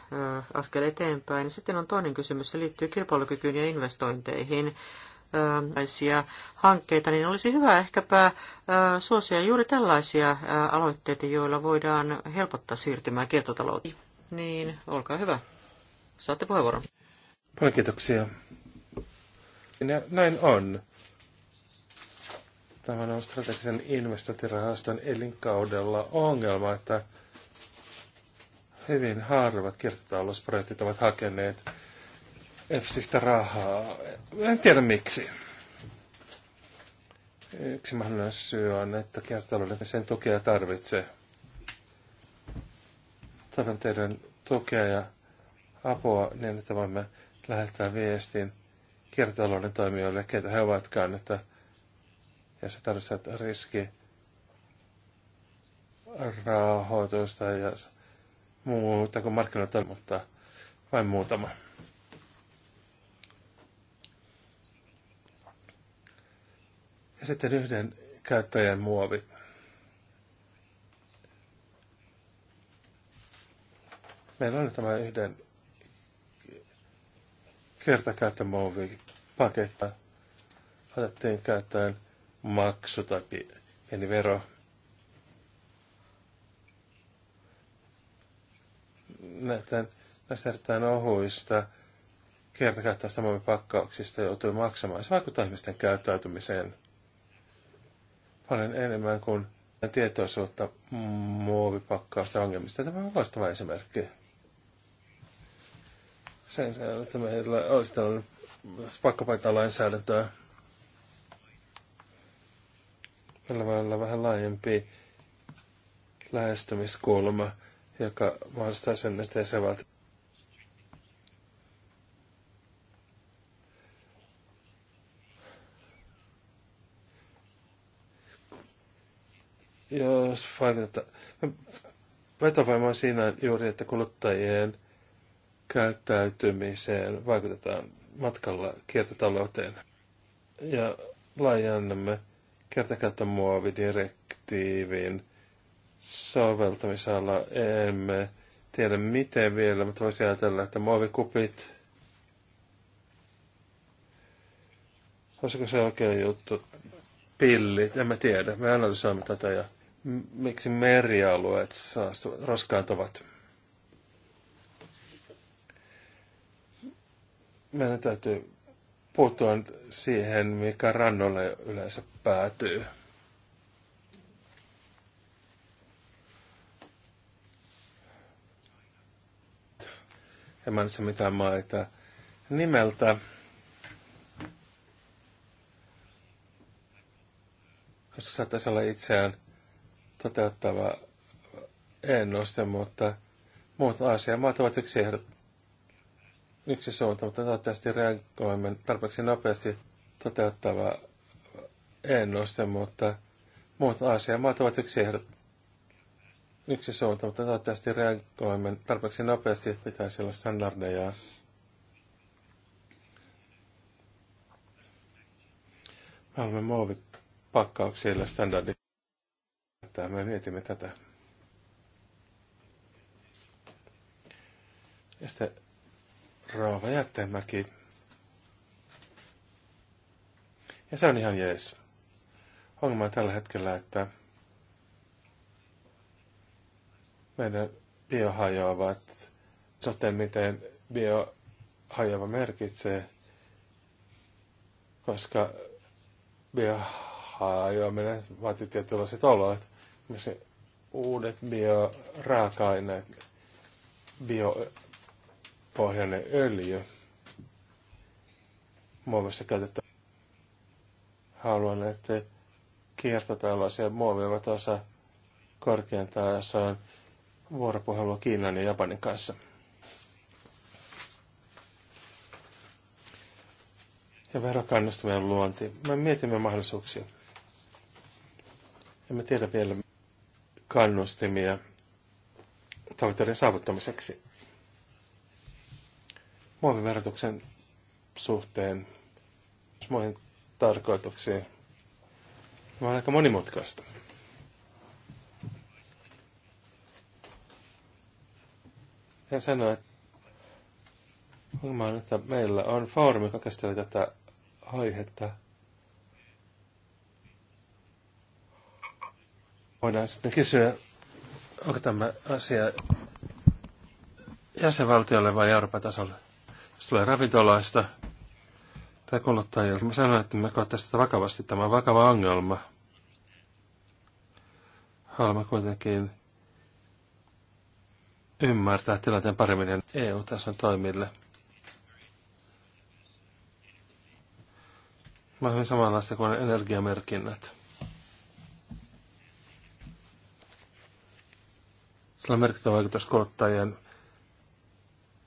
askel eteenpäin. Sitten on toinen kysymys, se liittyy kilpailukykyyn ja investointeihin tällaisia hankkeita, niin olisi hyvä ehkäpä suosia juuri tällaisia aloitteita, joilla voidaan helpottaa siirtymää kiertotalouteen. Niin, olkaa hyvä. Saatte puheenvuoron. Paljon kiitoksia. Näin on. Tämä on strategisen investointirahaston elinkaudella ongelma, että hyvin harvat kiertotalousprojektit ovat hakeneet EFSistä rahaa. En tiedä miksi. Yksi mahdollinen syy on, että kiertotalouden sen tukea tarvitsee. Tarvitsen teidän tukea ja apua niin, että voimme lähettää viestin kiertotalouden toimijoille, keitä he ovatkaan, että ja se tarvitsee riski rahoitusta ja muuta kuin markkinoita, mutta vain muutama. Ja sitten yhden käyttäjän muovi. Meillä on tämä yhden paketta. Otettiin käyttäen maksu tai pieni vero. Näiden, näistä erittäin ohuista kertakäyttöistä muovipakkauksista joutui maksamaan. Se vaikuttaa ihmisten käyttäytymiseen paljon enemmän kuin tietoisuutta muovipakkausta ongelmista. Tämä on loistava esimerkki. Sen sijaan, että meillä olisi tällainen pakkapaitalainsäädäntöä, meillä voi olla vähän laajempi lähestymiskulma, joka mahdollistaa sen, että se vaatii jos vaikuttaa, no, vetovoima siinä juuri, että kuluttajien käyttäytymiseen vaikutetaan matkalla kiertotalouteen. Ja laajennamme kertakäyttömuovidirektiivin soveltamisalla emme tiedä miten vielä, mutta voisi ajatella, että muovikupit, olisiko se oikea juttu, pillit, en mä tiedä, me analysoimme tätä ja miksi merialueet saastuvat, ovat. Meidän täytyy puuttua siihen, mikä rannolle yleensä päätyy. en mainitse mitään maita nimeltä. Koska saattaisi olla itseään toteuttava ennuste, mutta muut asiat maat ovat yksi ehdot, yksi suunta, mutta toivottavasti reagoimme tarpeeksi nopeasti toteuttava ennuste, mutta muut asiat maat ovat yksi ehdot, yksi suunta, mutta toivottavasti reagoimme tarpeeksi nopeasti pitää sillä standardeja. Me olemme muovipakkauksilla standardit kohtaa me mietimme tätä. Ja sitten Raava Jättemäki. Ja se on ihan jees. Ongelma tällä hetkellä, että meidän biohajoavat, soten miten biohajoava merkitsee, koska biohajoaminen vaatii tietynlaiset olot. Niin se uudet bioraaka-aineet, biopohjainen öljy, muovissa käytettävä. Haluan, että kiertotaloisia ja ovat osa korkeintaan, jossa on vuoropuhelua Kiinan ja Japanin kanssa. Ja verokannustamien luonti. Me mietimme mahdollisuuksia. Emme tiedä vielä, kannustimia tavoitteiden saavuttamiseksi. Muoviverotuksen suhteen muihin tarkoituksiin. Tämä on aika monimutkaista. Ja sanoa, että että meillä on foorumi, joka käsittelee tätä aihetta – voidaan sitten kysyä, onko tämä asia jäsenvaltiolle vai Euroopan tasolle. Jos tulee ravintolaista tai kuluttajilta, mä sanon, että me kohtaisimme sitä vakavasti. Tämä on vakava ongelma. Haluamme kuitenkin ymmärtää tilanteen paremmin EU-tason toimille. Vähän samanlaista kuin energiamerkinnät. Sillä on merkittävä vaikutus kuluttajien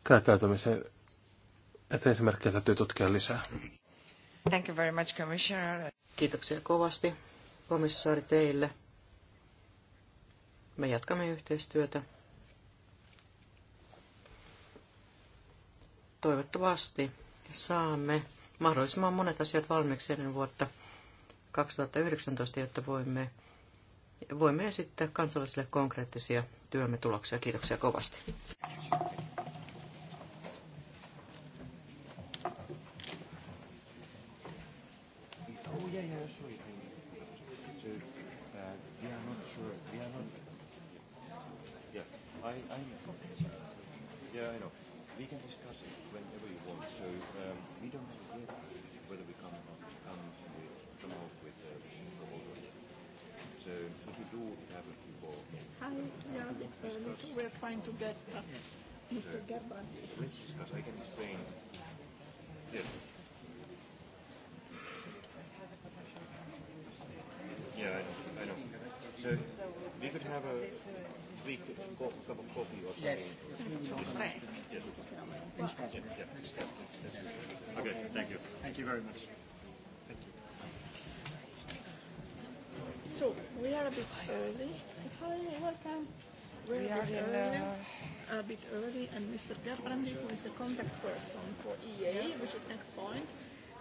käyttäytymiseen, että esimerkkejä täytyy tutkia lisää. Thank you very much, Commissioner. Kiitoksia kovasti, komissaari, teille. Me jatkamme yhteistyötä. Toivottavasti saamme mahdollisimman monet asiat valmiiksi ennen vuotta 2019, jotta voimme voimme esittää kansalaisille konkreettisia työmme tuloksia. Kiitoksia kovasti. We can discuss it whenever you want, so um, we don't have we're trying to get uh, Mr. Gerban. Because I can explain. Yes. Yeah, I, I know. So we could have a brief cup of coffee or something. yes. Okay, thank you. Thank you very much. So, we are a bit early. Hi, welcome. We're we a bit are early, uh... a bit early, and Mr. Gerbrandi, who is the contact person for e EA, which is next point,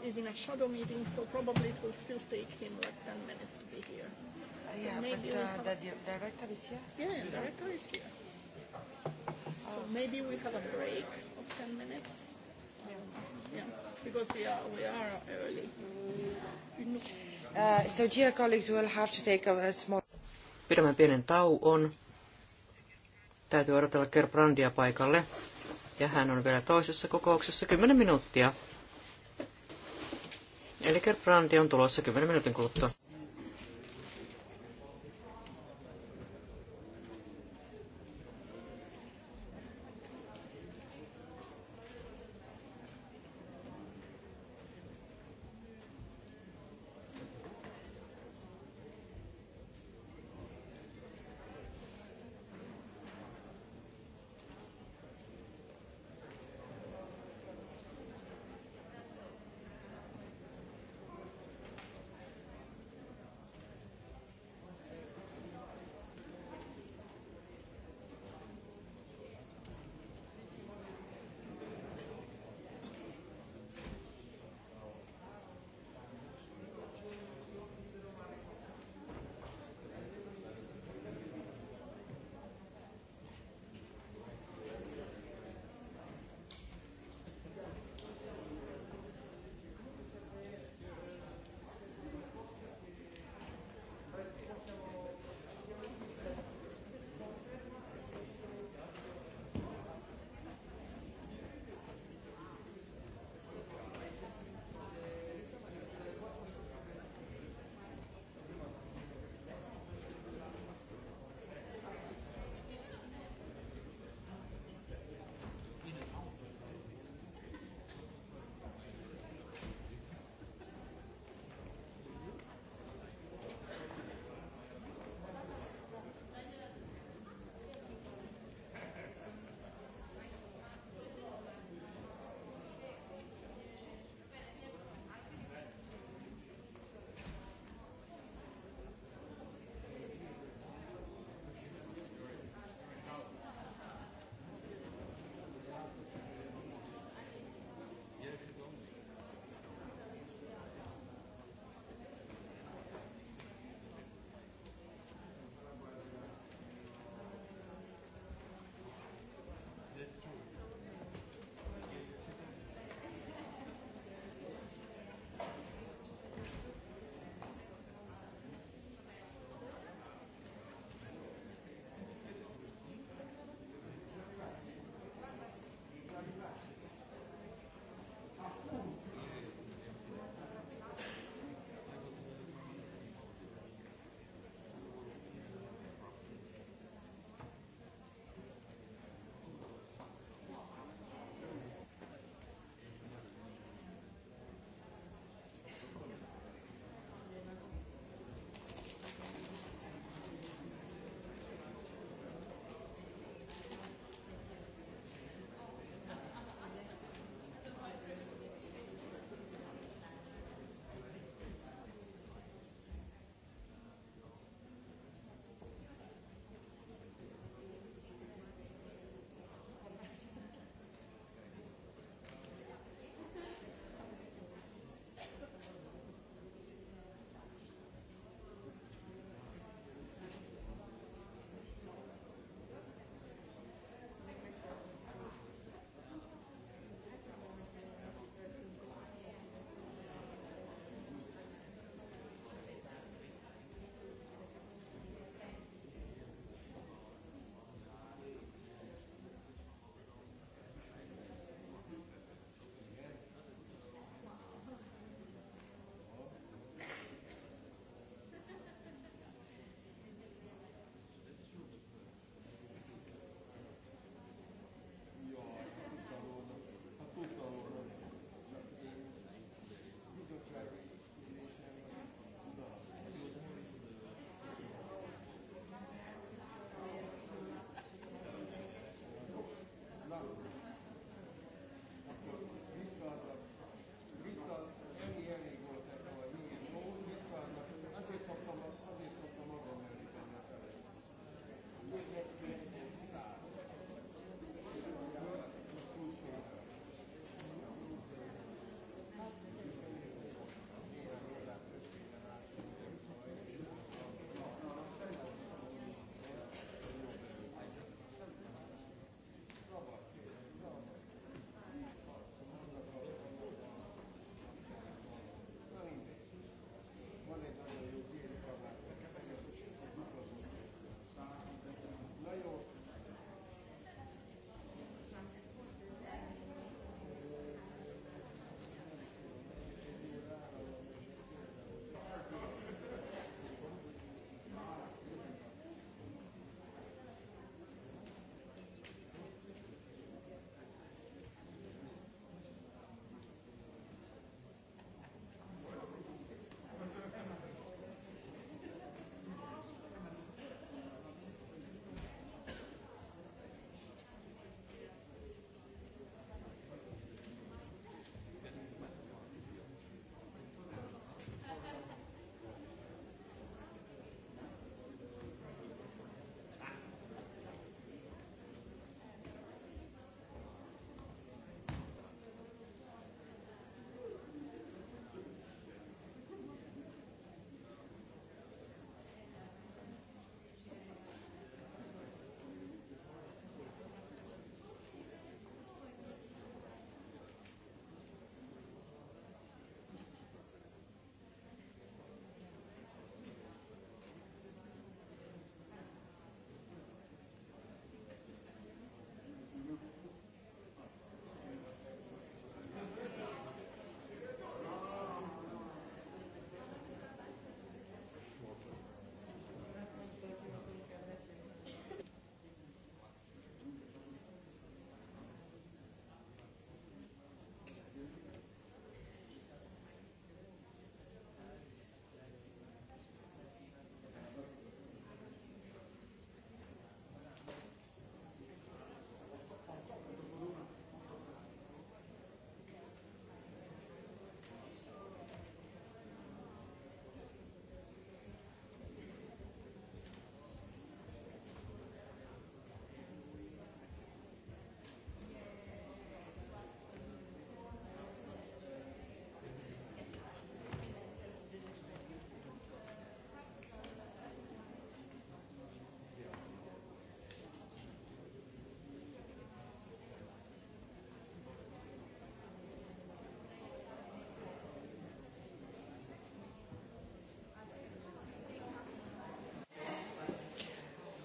is in a shadow meeting, so probably it will still take him like 10 minutes to be here. Uh, so yeah, maybe but uh, the di- director is here? Yeah, the director is here. So oh. maybe we have a break of 10 minutes. Yeah, yeah because we are, we are early. Mm. Uh, so dear colleagues, we'll have to take a small... Pidämme pienen tauon. Täytyy odotella Gerbrandia paikalle. Ja hän on vielä toisessa kokouksessa 10 minuuttia. Eli Gerbrandi on tulossa 10 minuutin kuluttua.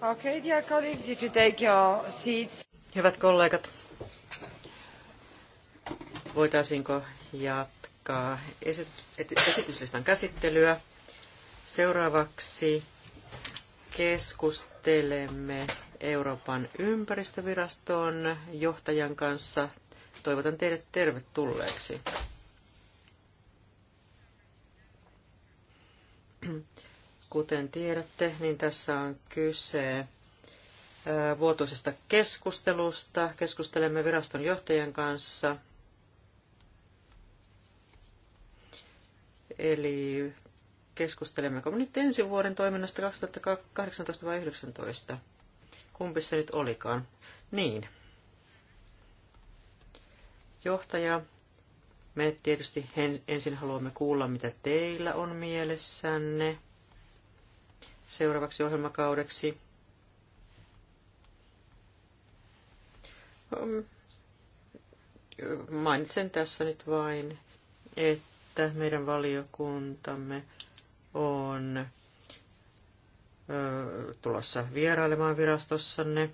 Okay, dear colleagues, if you take your seats. Hyvät kollegat, voitaisiinko jatkaa esityslistan käsittelyä? Seuraavaksi keskustelemme Euroopan ympäristöviraston johtajan kanssa. Toivotan teidät tervetulleeksi. Kuten tiedätte, niin tässä on kyse vuotuisesta keskustelusta. Keskustelemme viraston johtajien kanssa. Eli keskustelemmeko nyt ensi vuoden toiminnasta 2018 vai 2019? Kumpi se nyt olikaan? Niin. Johtaja, me tietysti ensin haluamme kuulla, mitä teillä on mielessänne seuraavaksi ohjelmakaudeksi. Mainitsen tässä nyt vain, että meidän valiokuntamme on tulossa vierailemaan virastossanne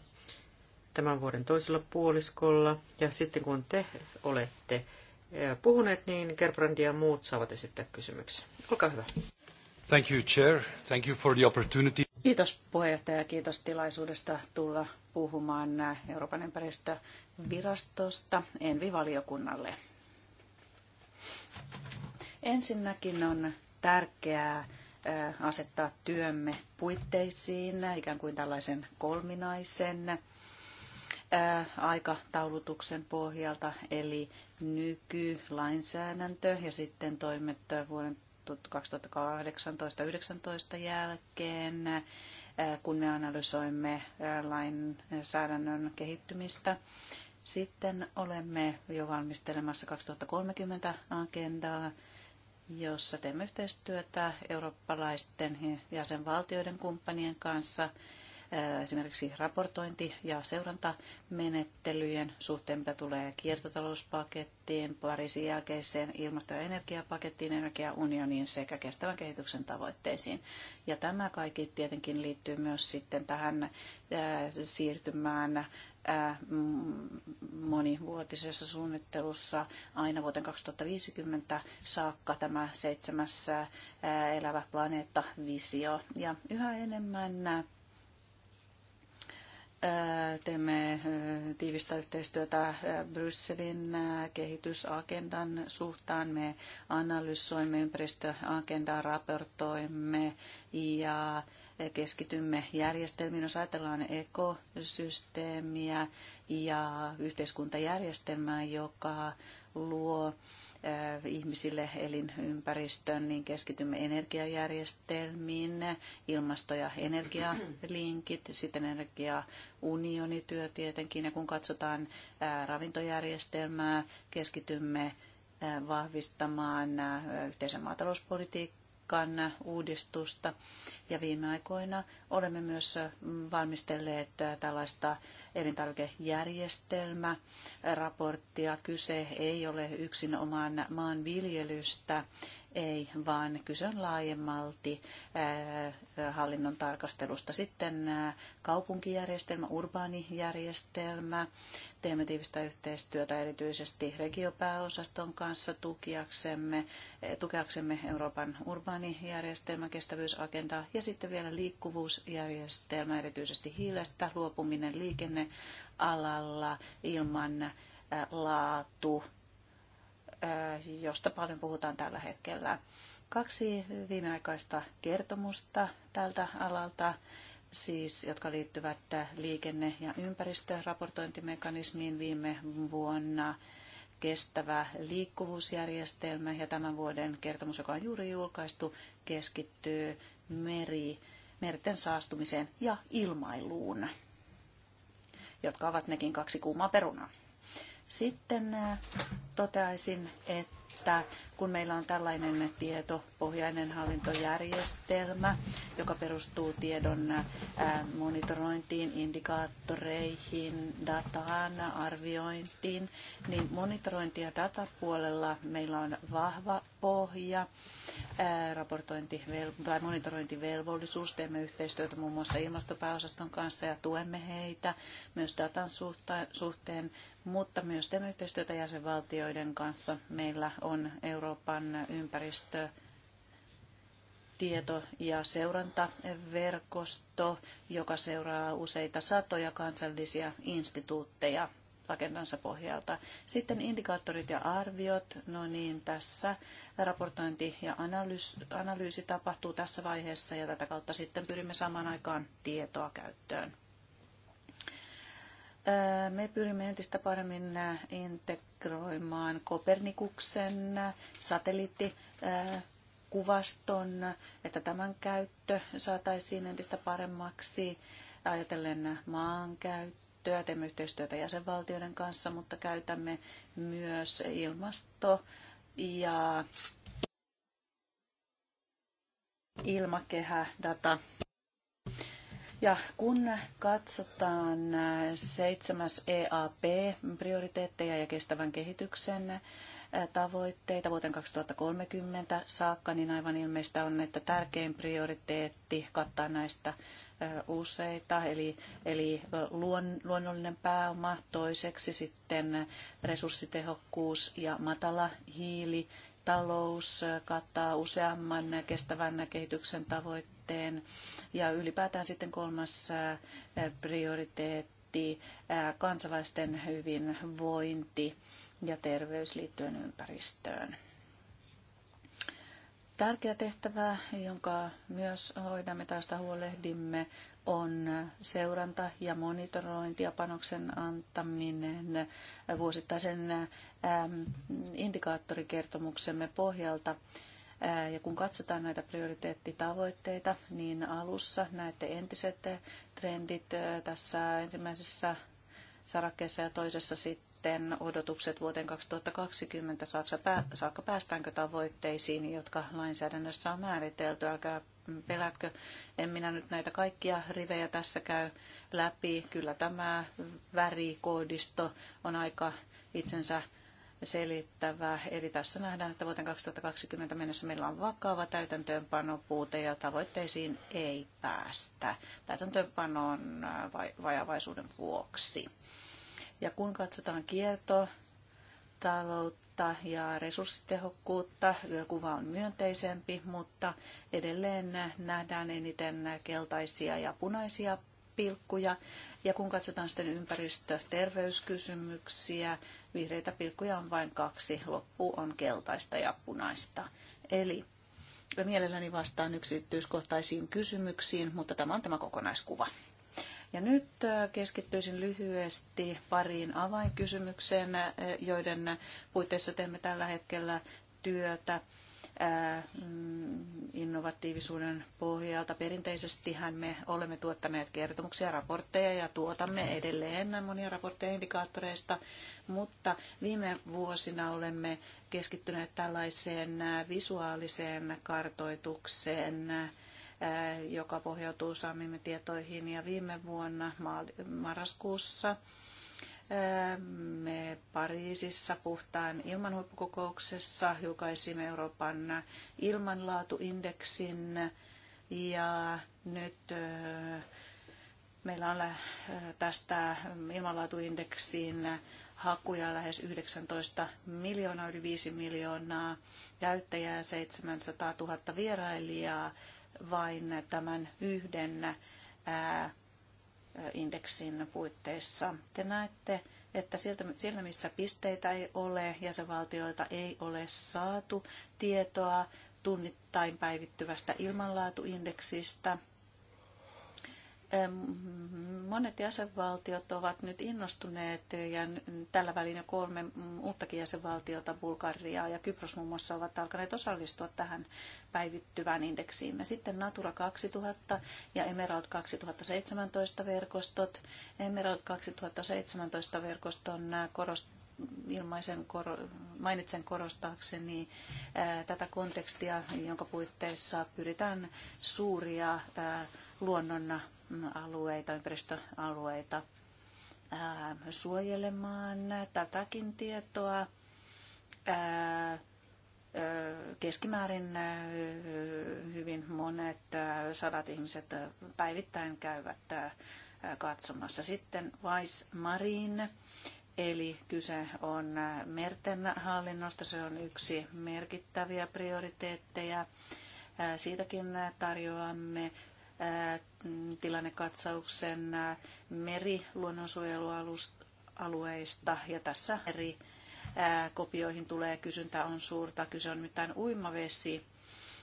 tämän vuoden toisella puoliskolla. Ja sitten kun te olette puhuneet, niin Gerbrandi ja muut saavat esittää kysymyksiä. Olkaa hyvä. Thank you, Chair. Thank you for the opportunity. Kiitos puheenjohtaja ja kiitos tilaisuudesta tulla puhumaan Euroopan ympäristövirastosta Envi-valiokunnalle. Ensinnäkin on tärkeää asettaa työmme puitteisiin, ikään kuin tällaisen kolminaisen aikataulutuksen pohjalta, eli nykylainsäädäntö ja sitten toimet vuoden 2018-2019 jälkeen, eh, kun me analysoimme eh, lainsäädännön kehittymistä. Sitten olemme jo valmistelemassa 2030-agendaa, jossa teemme yhteistyötä eurooppalaisten jäsenvaltioiden kumppanien kanssa – Äh, esimerkiksi raportointi- ja seurantamenettelyjen suhteen, mitä tulee kiertotalouspakettiin, Pariisin jälkeiseen ilmasto- ja energiapakettiin, energiaunioniin sekä kestävän kehityksen tavoitteisiin. Ja tämä kaikki tietenkin liittyy myös sitten tähän äh, siirtymään äh, monivuotisessa suunnittelussa aina vuoteen 2050 saakka tämä seitsemässä elävä planeetta-visio. Ja yhä enemmän Teemme tiivistä yhteistyötä Brysselin kehitysagendan suhtaan. Me analysoimme ympäristöagendaa, raportoimme ja keskitymme järjestelmiin. Jos ajatellaan ekosysteemiä ja yhteiskuntajärjestelmää, joka luo ihmisille elinympäristöön, niin keskitymme energiajärjestelmiin, ilmasto- ja energialinkit, sitten energiaunionityö tietenkin. Ja kun katsotaan ravintojärjestelmää, keskitymme vahvistamaan yhteisen maatalouspolitiikkaa politiikan uudistusta. Ja viime aikoina olemme myös valmistelleet tällaista elintarvikejärjestelmäraporttia. raporttia. Kyse ei ole yksin omaan maanviljelystä, ei, vaan kyse on laajemmalti hallinnon tarkastelusta. Sitten kaupunkijärjestelmä, urbaanijärjestelmä. Teemme tiivistä yhteistyötä erityisesti regiopääosaston kanssa tukiaksemme, tukeaksemme Euroopan urbaanijärjestelmän kestävyysagendaa. Ja sitten vielä liikkuvuusjärjestelmä, erityisesti hiilestä luopuminen liikennealalla ilman laatu Äh, josta paljon puhutaan tällä hetkellä. Kaksi viimeaikaista kertomusta tältä alalta, siis, jotka liittyvät liikenne- ja ympäristöraportointimekanismiin viime vuonna kestävä liikkuvuusjärjestelmä ja tämän vuoden kertomus, joka on juuri julkaistu, keskittyy meri, merten saastumiseen ja ilmailuun, jotka ovat nekin kaksi kuumaa perunaa. Sitten äh, toteaisin, että kun meillä on tällainen tietopohjainen hallintojärjestelmä, joka perustuu tiedon monitorointiin, indikaattoreihin, dataan, arviointiin, niin monitorointi- ja datapuolella meillä on vahva pohja, raportointi- tai monitorointivelvollisuus. Teemme yhteistyötä muun muassa ilmastopääosaston kanssa ja tuemme heitä myös datan suhteen, mutta myös teemme yhteistyötä jäsenvaltioiden kanssa. Meillä on Euro Euroopan ympäristö tieto- ja seurantaverkosto, joka seuraa useita satoja kansallisia instituutteja agendansa pohjalta. Sitten indikaattorit ja arviot, no niin tässä raportointi ja analyys, analyysi tapahtuu tässä vaiheessa ja tätä kautta sitten pyrimme samaan aikaan tietoa käyttöön. Me pyrimme entistä paremmin integroimaan Kopernikuksen satelliittikuvaston, että tämän käyttö saataisiin entistä paremmaksi ajatellen maankäyttöä. Teemme yhteistyötä jäsenvaltioiden kanssa, mutta käytämme myös ilmasto- ja ilmakehädata ja kun katsotaan äh, seitsemäs EAP-prioriteetteja ja kestävän kehityksen äh, tavoitteita vuoteen 2030 saakka, niin aivan ilmeistä on, että tärkein prioriteetti kattaa näistä äh, useita, eli, eli luon, luonnollinen pääoma, toiseksi sitten resurssitehokkuus ja matala hiili, talous kattaa useamman kestävän kehityksen tavoitteen suhteen. Ja ylipäätään sitten kolmas prioriteetti, kansalaisten hyvinvointi ja terveys liittyen ympäristöön. Tärkeä tehtävä, jonka myös hoidamme tai sitä huolehdimme, on seuranta ja monitorointi ja panoksen antaminen vuosittaisen indikaattorikertomuksemme pohjalta ja kun katsotaan näitä prioriteettitavoitteita, niin alussa näette entiset trendit tässä ensimmäisessä sarakkeessa ja toisessa sitten odotukset vuoteen 2020 saakka päästäänkö tavoitteisiin, jotka lainsäädännössä on määritelty. Älkää pelätkö, en minä nyt näitä kaikkia rivejä tässä käy läpi. Kyllä tämä värikoodisto on aika itsensä selittävä. Eli tässä nähdään, että vuoteen 2020 mennessä meillä on vakava täytäntöönpanopuute ja tavoitteisiin ei päästä täytäntöönpanon äh, vajavaisuuden vuoksi. Ja kun katsotaan kiertotaloutta ja resurssitehokkuutta, kuva on myönteisempi, mutta edelleen nähdään eniten keltaisia ja punaisia pilkkuja. Ja kun katsotaan sitten ympäristöterveyskysymyksiä, vihreitä pilkkuja on vain kaksi, loppu on keltaista ja punaista. Eli mielelläni vastaan yksityiskohtaisiin kysymyksiin, mutta tämä on tämä kokonaiskuva. Ja nyt keskittyisin lyhyesti pariin avainkysymykseen, joiden puitteissa teemme tällä hetkellä työtä. Mm, innovatiivisuuden pohjalta. Perinteisestihän me olemme tuottaneet kertomuksia, raportteja ja tuotamme edelleen monia raportteja indikaattoreista, mutta viime vuosina olemme keskittyneet tällaiseen visuaaliseen kartoitukseen, joka pohjautuu saamimme tietoihin ja viime vuonna marraskuussa me Pariisissa puhtaan ilmanhuippukokouksessa julkaisimme Euroopan ilmanlaatuindeksin ja nyt meillä on tästä ilmanlaatuindeksiin hakuja lähes 19 miljoonaa, yli 5 miljoonaa käyttäjää, 700 000 vierailijaa vain tämän yhden indeksin puitteissa. Te näette, että sieltä, siellä missä pisteitä ei ole, jäsenvaltioilta ei ole saatu tietoa tunnittain päivittyvästä ilmanlaatuindeksistä, Monet jäsenvaltiot ovat nyt innostuneet ja tällä välin jo kolme uuttakin jäsenvaltiota, Bulgaria ja Kypros muun muassa, ovat alkaneet osallistua tähän päivittyvään indeksiin. Ja Sitten Natura 2000 ja Emerald 2017 verkostot. Emerald 2017 verkoston korost ilmaisen kor- mainitsen korostaakseni ää, tätä kontekstia, jonka puitteissa pyritään suuria ää, luonnon alueita, ympäristöalueita suojelemaan tätäkin tietoa. Keskimäärin hyvin monet sadat ihmiset päivittäin käyvät katsomassa. Sitten Vice Marine, eli kyse on merten hallinnosta. Se on yksi merkittäviä prioriteetteja. Siitäkin tarjoamme tilannekatsauksen meriluonnonsuojelualueista ja tässä eri kopioihin tulee kysyntä on suurta. Kyse on nimittäin uimavesi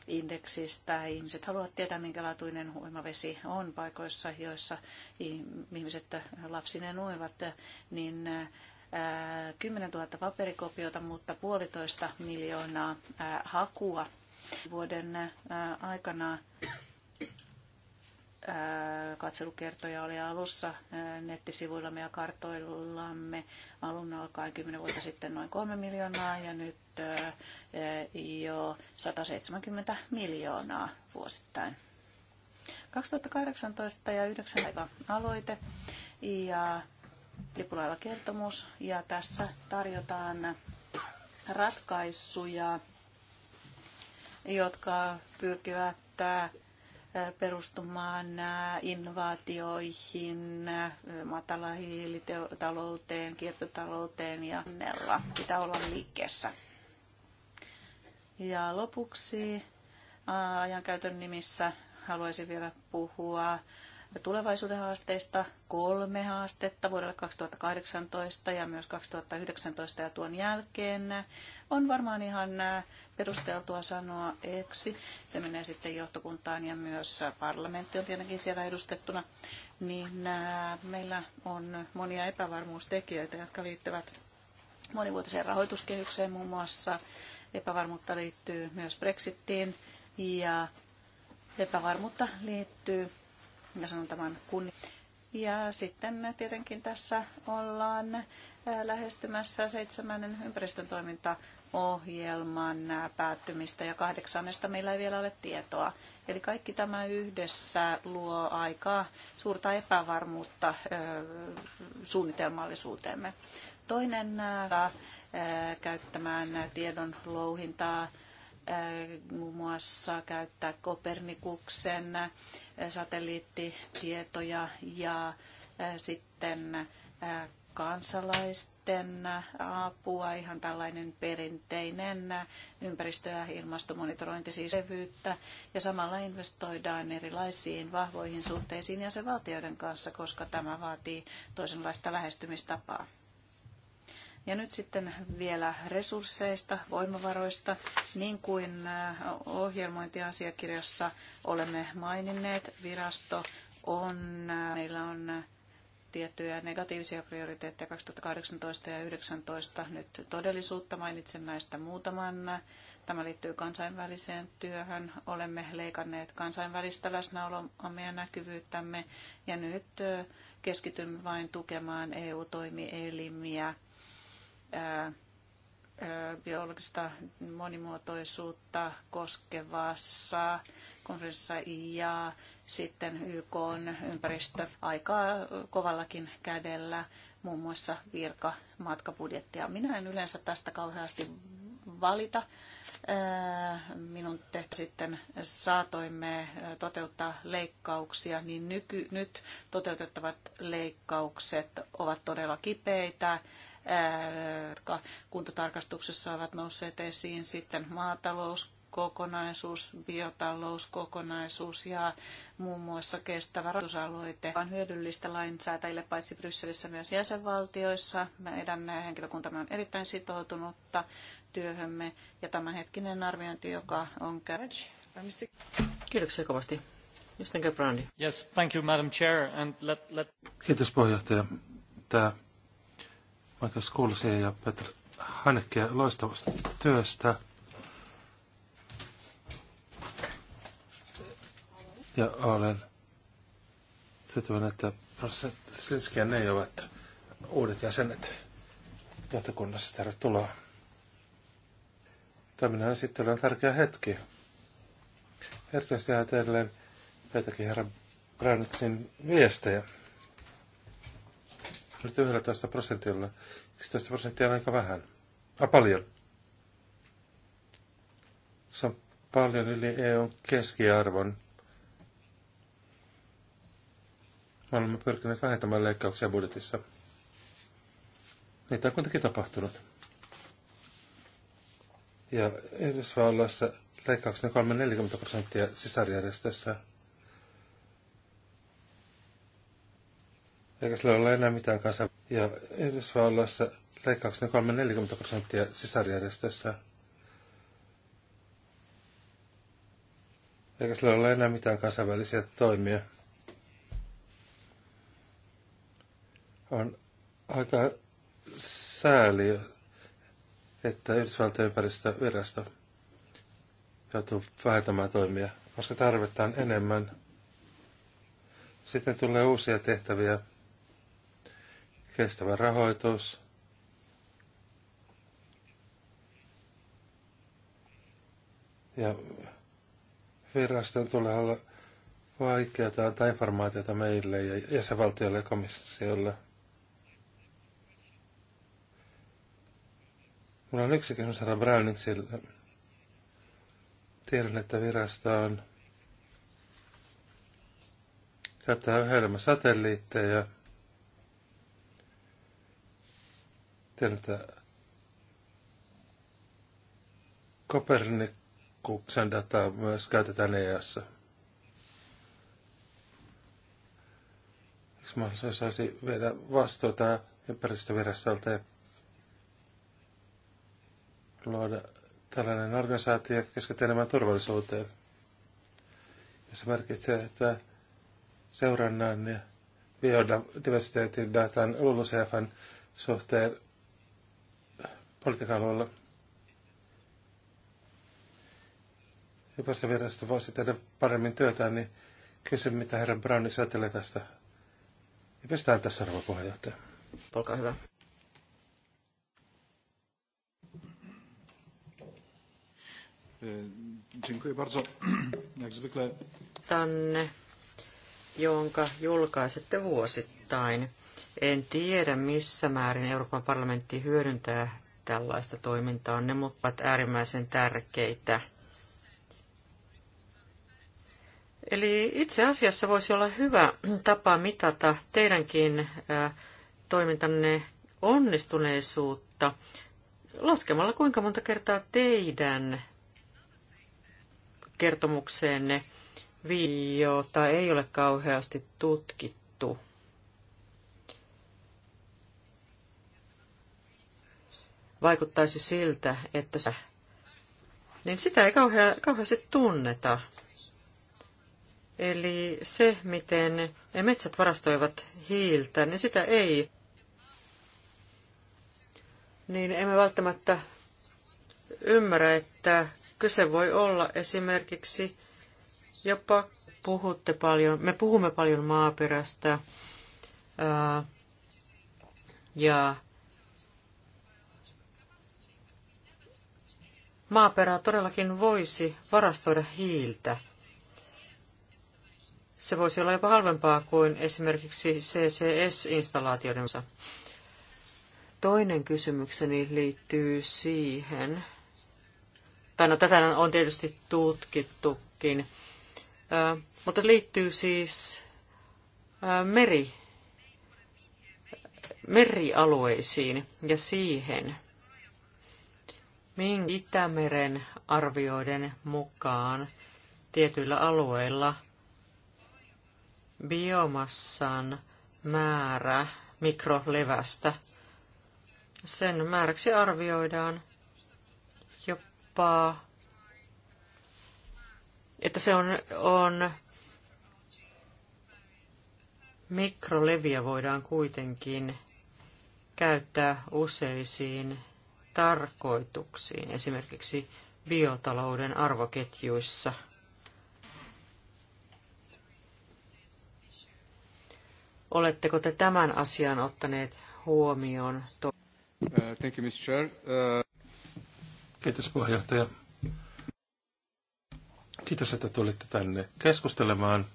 indeksistä. Ihmiset haluavat tietää, laatuinen uimavesi on paikoissa, joissa ihmiset lapsinen uivat, niin 10 000 paperikopiota, mutta puolitoista miljoonaa hakua vuoden aikana katselukertoja oli alussa nettisivuillamme ja kartoillamme alun alkaen 10 vuotta sitten noin 3 miljoonaa ja nyt jo 170 miljoonaa vuosittain. 2018 ja 9 päivä aloite ja lipulailla kertomus ja tässä tarjotaan ratkaisuja, jotka pyrkivät perustumaan innovaatioihin, matalahiilitalouteen, kiertotalouteen ja nella. Pitää olla liikkeessä. Ja lopuksi ajankäytön nimissä haluaisin vielä puhua tulevaisuuden haasteista kolme haastetta vuodelle 2018 ja myös 2019 ja tuon jälkeen. On varmaan ihan äh, perusteltua sanoa eksi. Se menee sitten johtokuntaan ja myös parlamentti on tietenkin siellä edustettuna. Niin äh, meillä on monia epävarmuustekijöitä, jotka liittyvät monivuotiseen rahoituskehykseen muun muassa. Epävarmuutta liittyy myös Brexittiin ja epävarmuutta liittyy ja sanon tämän kunni. Ja sitten tietenkin tässä ollaan äh, lähestymässä seitsemännen ympäristön toimintaohjelman äh, päättymistä ja kahdeksannesta meillä ei vielä ole tietoa. Eli kaikki tämä yhdessä luo aikaa suurta epävarmuutta äh, suunnitelmallisuuteemme. Toinen käyttämään tiedon louhintaa muun muassa käyttää Kopernikuksen satelliittitietoja ja sitten kansalaisten apua, ihan tällainen perinteinen ympäristö- ja ilmastomonitorointi, siis ja samalla investoidaan erilaisiin vahvoihin suhteisiin jäsenvaltioiden kanssa, koska tämä vaatii toisenlaista lähestymistapaa. Ja nyt sitten vielä resursseista, voimavaroista. Niin kuin äh, ohjelmointiasiakirjassa olemme maininneet, virasto on, äh, meillä on äh, tiettyjä negatiivisia prioriteetteja 2018 ja 2019. Nyt todellisuutta mainitsen näistä muutaman. Tämä liittyy kansainväliseen työhön. Olemme leikanneet kansainvälistä läsnäoloamme ja näkyvyyttämme ja nyt keskitymme vain tukemaan EU-toimielimiä – biologista monimuotoisuutta koskevassa konferenssissa ja sitten YK on ympäristö aika kovallakin kädellä muun muassa virka matkapudjettia. Minä en yleensä tästä kauheasti valita. Minun tehtä sitten saatoimme toteuttaa leikkauksia, niin nyky, nyt toteutettavat leikkaukset ovat todella kipeitä jotka kuntotarkastuksessa ovat nousseet esiin. Sitten maatalouskokonaisuus, biotalouskokonaisuus ja muun muassa kestävä rahoitusaloite on hyödyllistä lainsäätäjille paitsi Brysselissä myös jäsenvaltioissa. Meidän henkilökuntamme on erittäin sitoutunutta työhömme ja tämänhetkinen arviointi, joka on käynyt. Kiitoksia kovasti. Mr. Yes, thank you, Madam Chair, and let, let... Kiitos puheenjohtaja. Tämä Michael Skulsia ja Petra Hanekkiä loistavasta työstä. Ja olen tyytyväinen, että Slinski ja ne ovat uudet jäsenet johtokunnassa. Tervetuloa. Tämä esittely on tärkeä hetki. Erityisesti ajatellen Petäkin herra Brannitsin viestejä. Nyt 11 prosentilla. 11 prosenttia on aika vähän. A, ah, paljon. Se on paljon yli EUn keskiarvon. Me olemme pyrkineet vähentämään leikkauksia budjetissa. Niitä on kuitenkin tapahtunut. Ja Yhdysvalloissa leikkaukset on 3-40 prosenttia sisarjärjestössä – eikä sillä ole enää mitään kanssa. Ja Yhdysvalloissa leikkauksena 3-40 prosenttia sisarjärjestössä. Eikä sillä ole enää mitään kansainvälisiä toimia. On aika sääli, että Yhdysvaltojen ympäristövirasto joutuu vähentämään toimia, koska tarvitaan enemmän. Sitten tulee uusia tehtäviä kestävä rahoitus, ja viraston tulee olla vaikeaa antaa informaatiota meille ja jäsenvaltiolle ja komissiolle. Mulla on yksi kysymys herra Browningsille. Tiedän, että virasto on käyttää yhä satelliitteja tiedottaa Kopernikuksen dataa myös käytetään EAS. Eikö mahdollisuus saisi viedä vastuuta ympäristövirastolta ja luoda tällainen organisaatio enemmän turvallisuuteen? Ja se merkitsee, että seurannan ja biodiversiteetin datan LULUCFn suhteen politiikan se Ympäristövirrasto voisi tehdä paremmin työtään, niin kysy, mitä herra Browni ajattelee tästä. Ja pystytään tässä, arvo puheenjohtaja. Olkaa hyvä. Dziękuję bardzo. Jak zwykle... Tanne, jonka julkaisette vuosittain. En tiedä, missä määrin Euroopan parlamentti hyödyntää tällaista toimintaa. Ne ovat äärimmäisen tärkeitä. Eli itse asiassa voisi olla hyvä tapa mitata teidänkin toimintanne onnistuneisuutta laskemalla, kuinka monta kertaa teidän kertomukseenne viiota ei ole kauheasti tutkittu. vaikuttaisi siltä, että se, niin sitä ei kauhean, kauheasti tunneta. Eli se, miten metsät varastoivat hiiltä, niin sitä ei, niin emme välttämättä ymmärrä, että kyse voi olla esimerkiksi jopa puhutte paljon, me puhumme paljon maaperästä ää, ja maaperä todellakin voisi varastoida hiiltä. Se voisi olla jopa halvempaa kuin esimerkiksi CCS-installaatioidensa. Toinen kysymykseni liittyy siihen, tai no tätä on tietysti tutkittukin, mutta liittyy siis meri, merialueisiin ja siihen, Itämeren arvioiden mukaan tietyillä alueilla biomassan määrä mikrolevästä, sen määräksi arvioidaan jopa, että se on, on mikroleviä voidaan kuitenkin käyttää useisiin tarkoituksiin, esimerkiksi biotalouden arvoketjuissa. Oletteko te tämän asian ottaneet huomioon? Uh, thank you, Mr. Chair. Uh, Kiitos puheenjohtaja. Kiitos, että tulitte tänne keskustelemaan.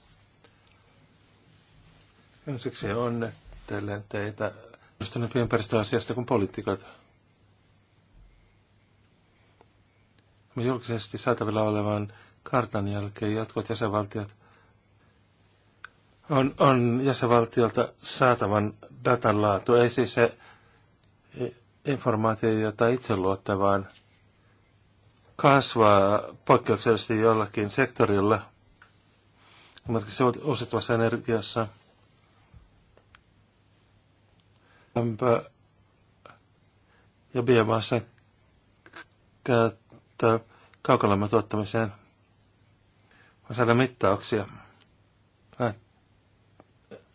Ensiksi onnettelen teitä ympäristöasiasta kuin poliitikot. Me julkisesti saatavilla olevan kartan jälkeen jotkut jäsenvaltiot on, on jäsenvaltiolta saatavan datan laatu. Ei siis se informaatio, jota itse luotte, vaan kasvaa poikkeuksellisesti jollakin sektorilla, mutta se on uusittavassa energiassa. ja biomassa käyttö käyttää kaukolämmön tuottamiseen. Voi saada mittauksia.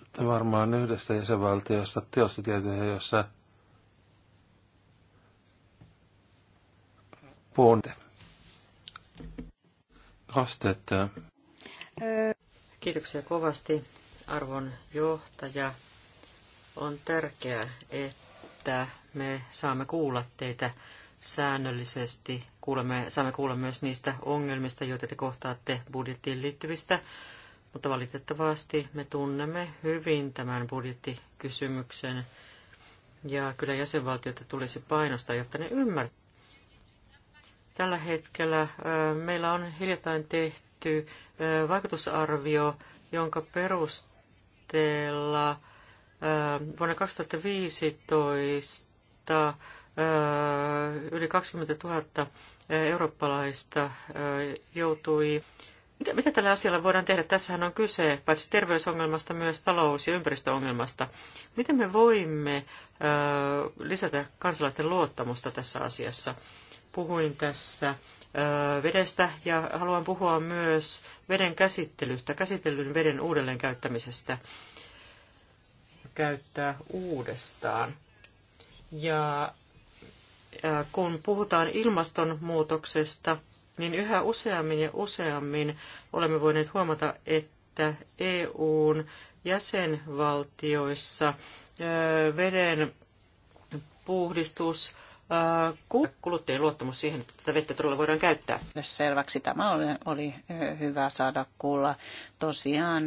että varmaan yhdestä jäsenvaltiosta teosta tietoja, jossa puunte. Kasteet. Kiitoksia kovasti, arvon johtaja. On tärkeää, että me saamme kuulla teitä säännöllisesti kuulemme, saamme kuulla myös niistä ongelmista, joita te kohtaatte budjettiin liittyvistä. Mutta valitettavasti me tunnemme hyvin tämän budjettikysymyksen. Ja kyllä jäsenvaltiota tulisi painostaa, jotta ne ymmärtävät. Tällä hetkellä meillä on hiljattain tehty vaikutusarvio, jonka perusteella vuonna 2015 Öö, yli 20 000 eurooppalaista joutui. Mitä, mitä tällä asialla voidaan tehdä? Tässähän on kyse paitsi terveysongelmasta myös talous- ja ympäristöongelmasta. Miten me voimme lisätä kansalaisten luottamusta tässä asiassa? Puhuin tässä vedestä ja haluan puhua myös veden käsittelystä, käsitellyn veden uudelleen käyttämisestä, Käyttää uudestaan. Ja kun puhutaan ilmastonmuutoksesta, niin yhä useammin ja useammin olemme voineet huomata, että EUn jäsenvaltioissa veden puhdistus Äh, kuluttajien luottamus siihen, että tätä vettä todella voidaan käyttää. Selväksi tämä oli, oli hyvä saada kuulla. Tosiaan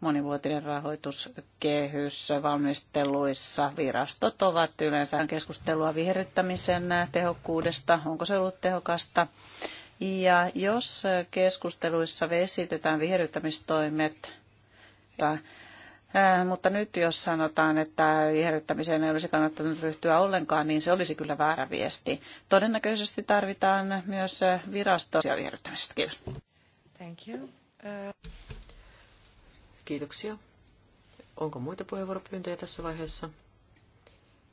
monivuotinen rahoituskehys valmisteluissa virastot ovat yleensä keskustelua viherryttämisen tehokkuudesta, onko se ollut tehokasta. Ja jos keskusteluissa vesitetään viherryttämistoimet, Äh, mutta nyt jos sanotaan, että viherryttämiseen ei olisi kannattanut ryhtyä ollenkaan, niin se olisi kyllä väärä viesti. Todennäköisesti tarvitaan myös äh, virastoja viherryttämisestä. Kiitos. Thank you. Uh... Kiitoksia. Onko muita puheenvuoropyyntöjä tässä vaiheessa?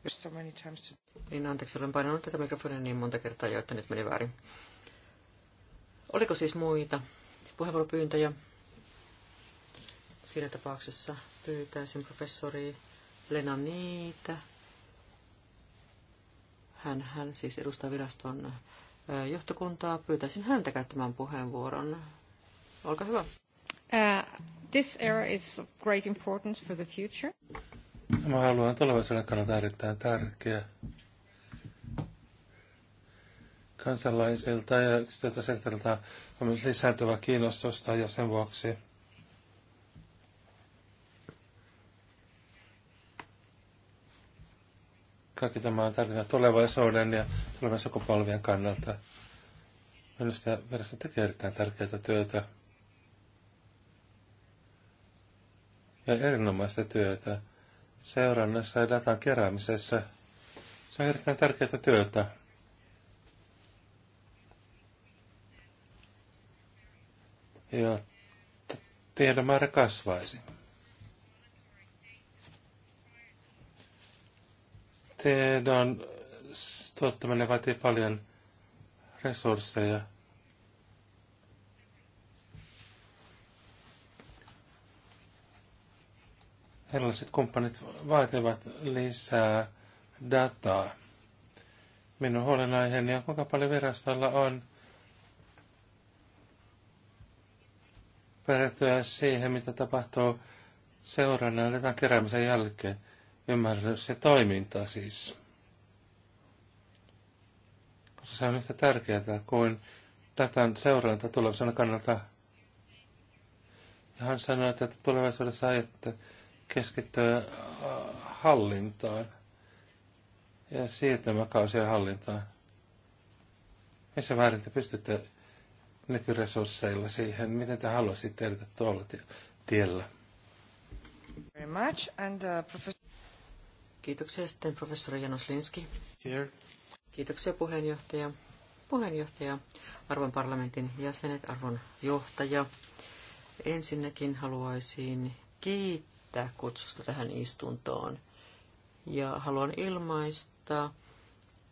So many times. Niin, anteeksi, olen painanut tätä mikrofonia niin monta kertaa jo, että nyt meni väärin. Oliko siis muita puheenvuoropyyntöjä? Siinä tapauksessa pyytäisin professori Lena Niitä. Hän, hän siis edustaa viraston johtokuntaa. Pyytäisin häntä käyttämään puheenvuoron. Olkaa hyvä. Uh, this era is of great importance for the future. Mä haluan tulevaisuuden kannalta erittäin tärkeä kansalaisilta ja yksityiseltä sektorilta on lisääntyvä kiinnostusta ja sen vuoksi Kaikki tämä on tärkeää tulevaisuuden ja tulevien sukupolvien kannalta. Minusta verestä tekee erittäin tärkeää työtä. Ja erinomaista työtä seurannassa ja datan keräämisessä. Se on erittäin tärkeää työtä. Ja tiedon määrä kasvaisi. Tiedon tuottaminen vaatii paljon resursseja. Erilaiset kumppanit vaativat lisää dataa. Minun huolenaiheeni on, kuinka paljon virastolla on perehtyä siihen, mitä tapahtuu seurannan ja keräämisen jälkeen. Ymmärrä se toiminta siis. Koska se on yhtä tärkeää kuin datan seuranta tulevaisuuden kannalta. Ja hän sanoi, että tulevaisuudessa ajatte keskittyä hallintaan ja siirtymäkausien hallintaan. Missä väärin te pystytte nykyresursseilla siihen, miten te haluaisitte edetä tuolla tiellä? Very much. And, uh, professor... Kiitoksia sitten professori Janos Linski. Here. Kiitoksia puheenjohtaja. Puheenjohtaja, arvon parlamentin jäsenet, arvon johtaja. Ensinnäkin haluaisin kiittää kutsusta tähän istuntoon ja haluan ilmaista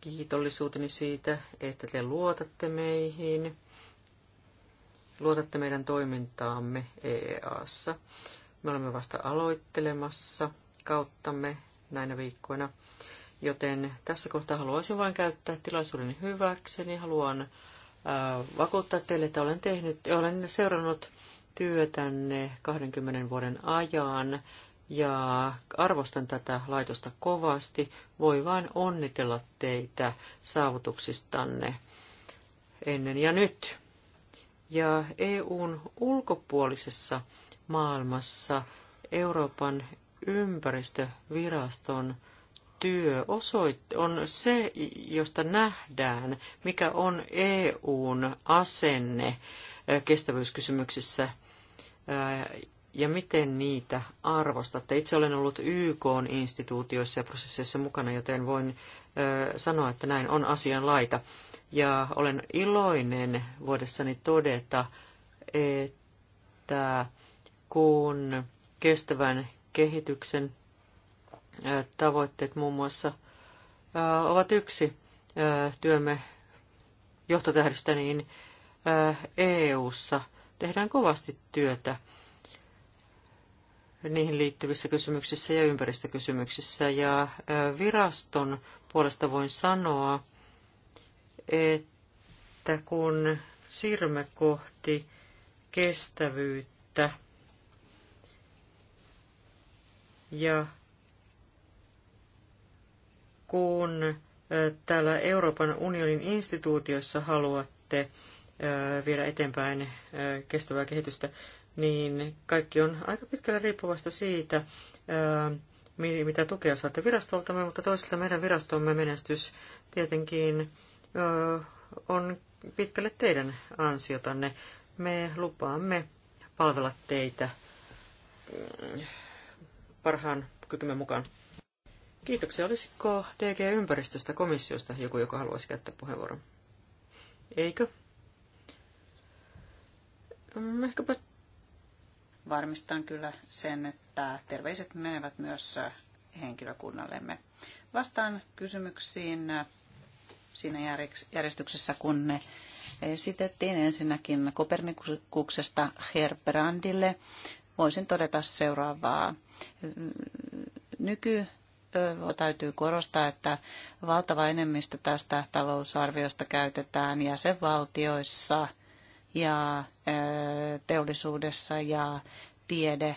kiitollisuuteni siitä, että te luotatte meihin, luotatte meidän toimintaamme EEAssa. Me olemme vasta aloittelemassa kauttamme näinä viikkoina. Joten tässä kohtaa haluaisin vain käyttää tilaisuuden hyväkseni. Haluan äh, vakuuttaa teille, että olen, tehnyt, olen seurannut työtänne 20 vuoden ajan ja arvostan tätä laitosta kovasti. Voi vain onnitella teitä saavutuksistanne ennen ja nyt. Ja EUn ulkopuolisessa maailmassa Euroopan ympäristöviraston työ osoit- on se, josta nähdään, mikä on EUn asenne äh, kestävyyskysymyksissä äh, ja miten niitä arvostatte. Itse olen ollut YK-instituutioissa ja prosesseissa mukana, joten voin äh, sanoa, että näin on asian laita. Ja olen iloinen voidessani todeta, että kun kestävän kehityksen tavoitteet muun muassa ovat yksi työmme johtotähdistä, niin EU-ssa tehdään kovasti työtä niihin liittyvissä kysymyksissä ja ympäristökysymyksissä. Ja viraston puolesta voin sanoa, että kun siirrymme kohti kestävyyttä, Ja kun täällä Euroopan unionin instituutiossa haluatte viedä eteenpäin kestävää kehitystä, niin kaikki on aika pitkällä riippuvasta siitä, mitä tukea saatte virastoltamme, mutta toisaalta meidän virastomme menestys tietenkin on pitkälle teidän ansiotanne. Me lupaamme palvella teitä parhaan kykymme mukaan. Kiitoksia. Olisiko DG-ympäristöstä komissiosta joku, joka haluaisi käyttää puheenvuoron? Eikö? Mm, ehkäpä varmistan kyllä sen, että terveiset menevät myös äh, henkilökunnallemme. Vastaan kysymyksiin äh, siinä järjestyksessä, kun ne esitettiin ensinnäkin Kopernikuksesta Herbrandille voisin todeta seuraavaa. Nyky täytyy korostaa, että valtava enemmistö tästä talousarviosta käytetään jäsenvaltioissa ja teollisuudessa ja tiede-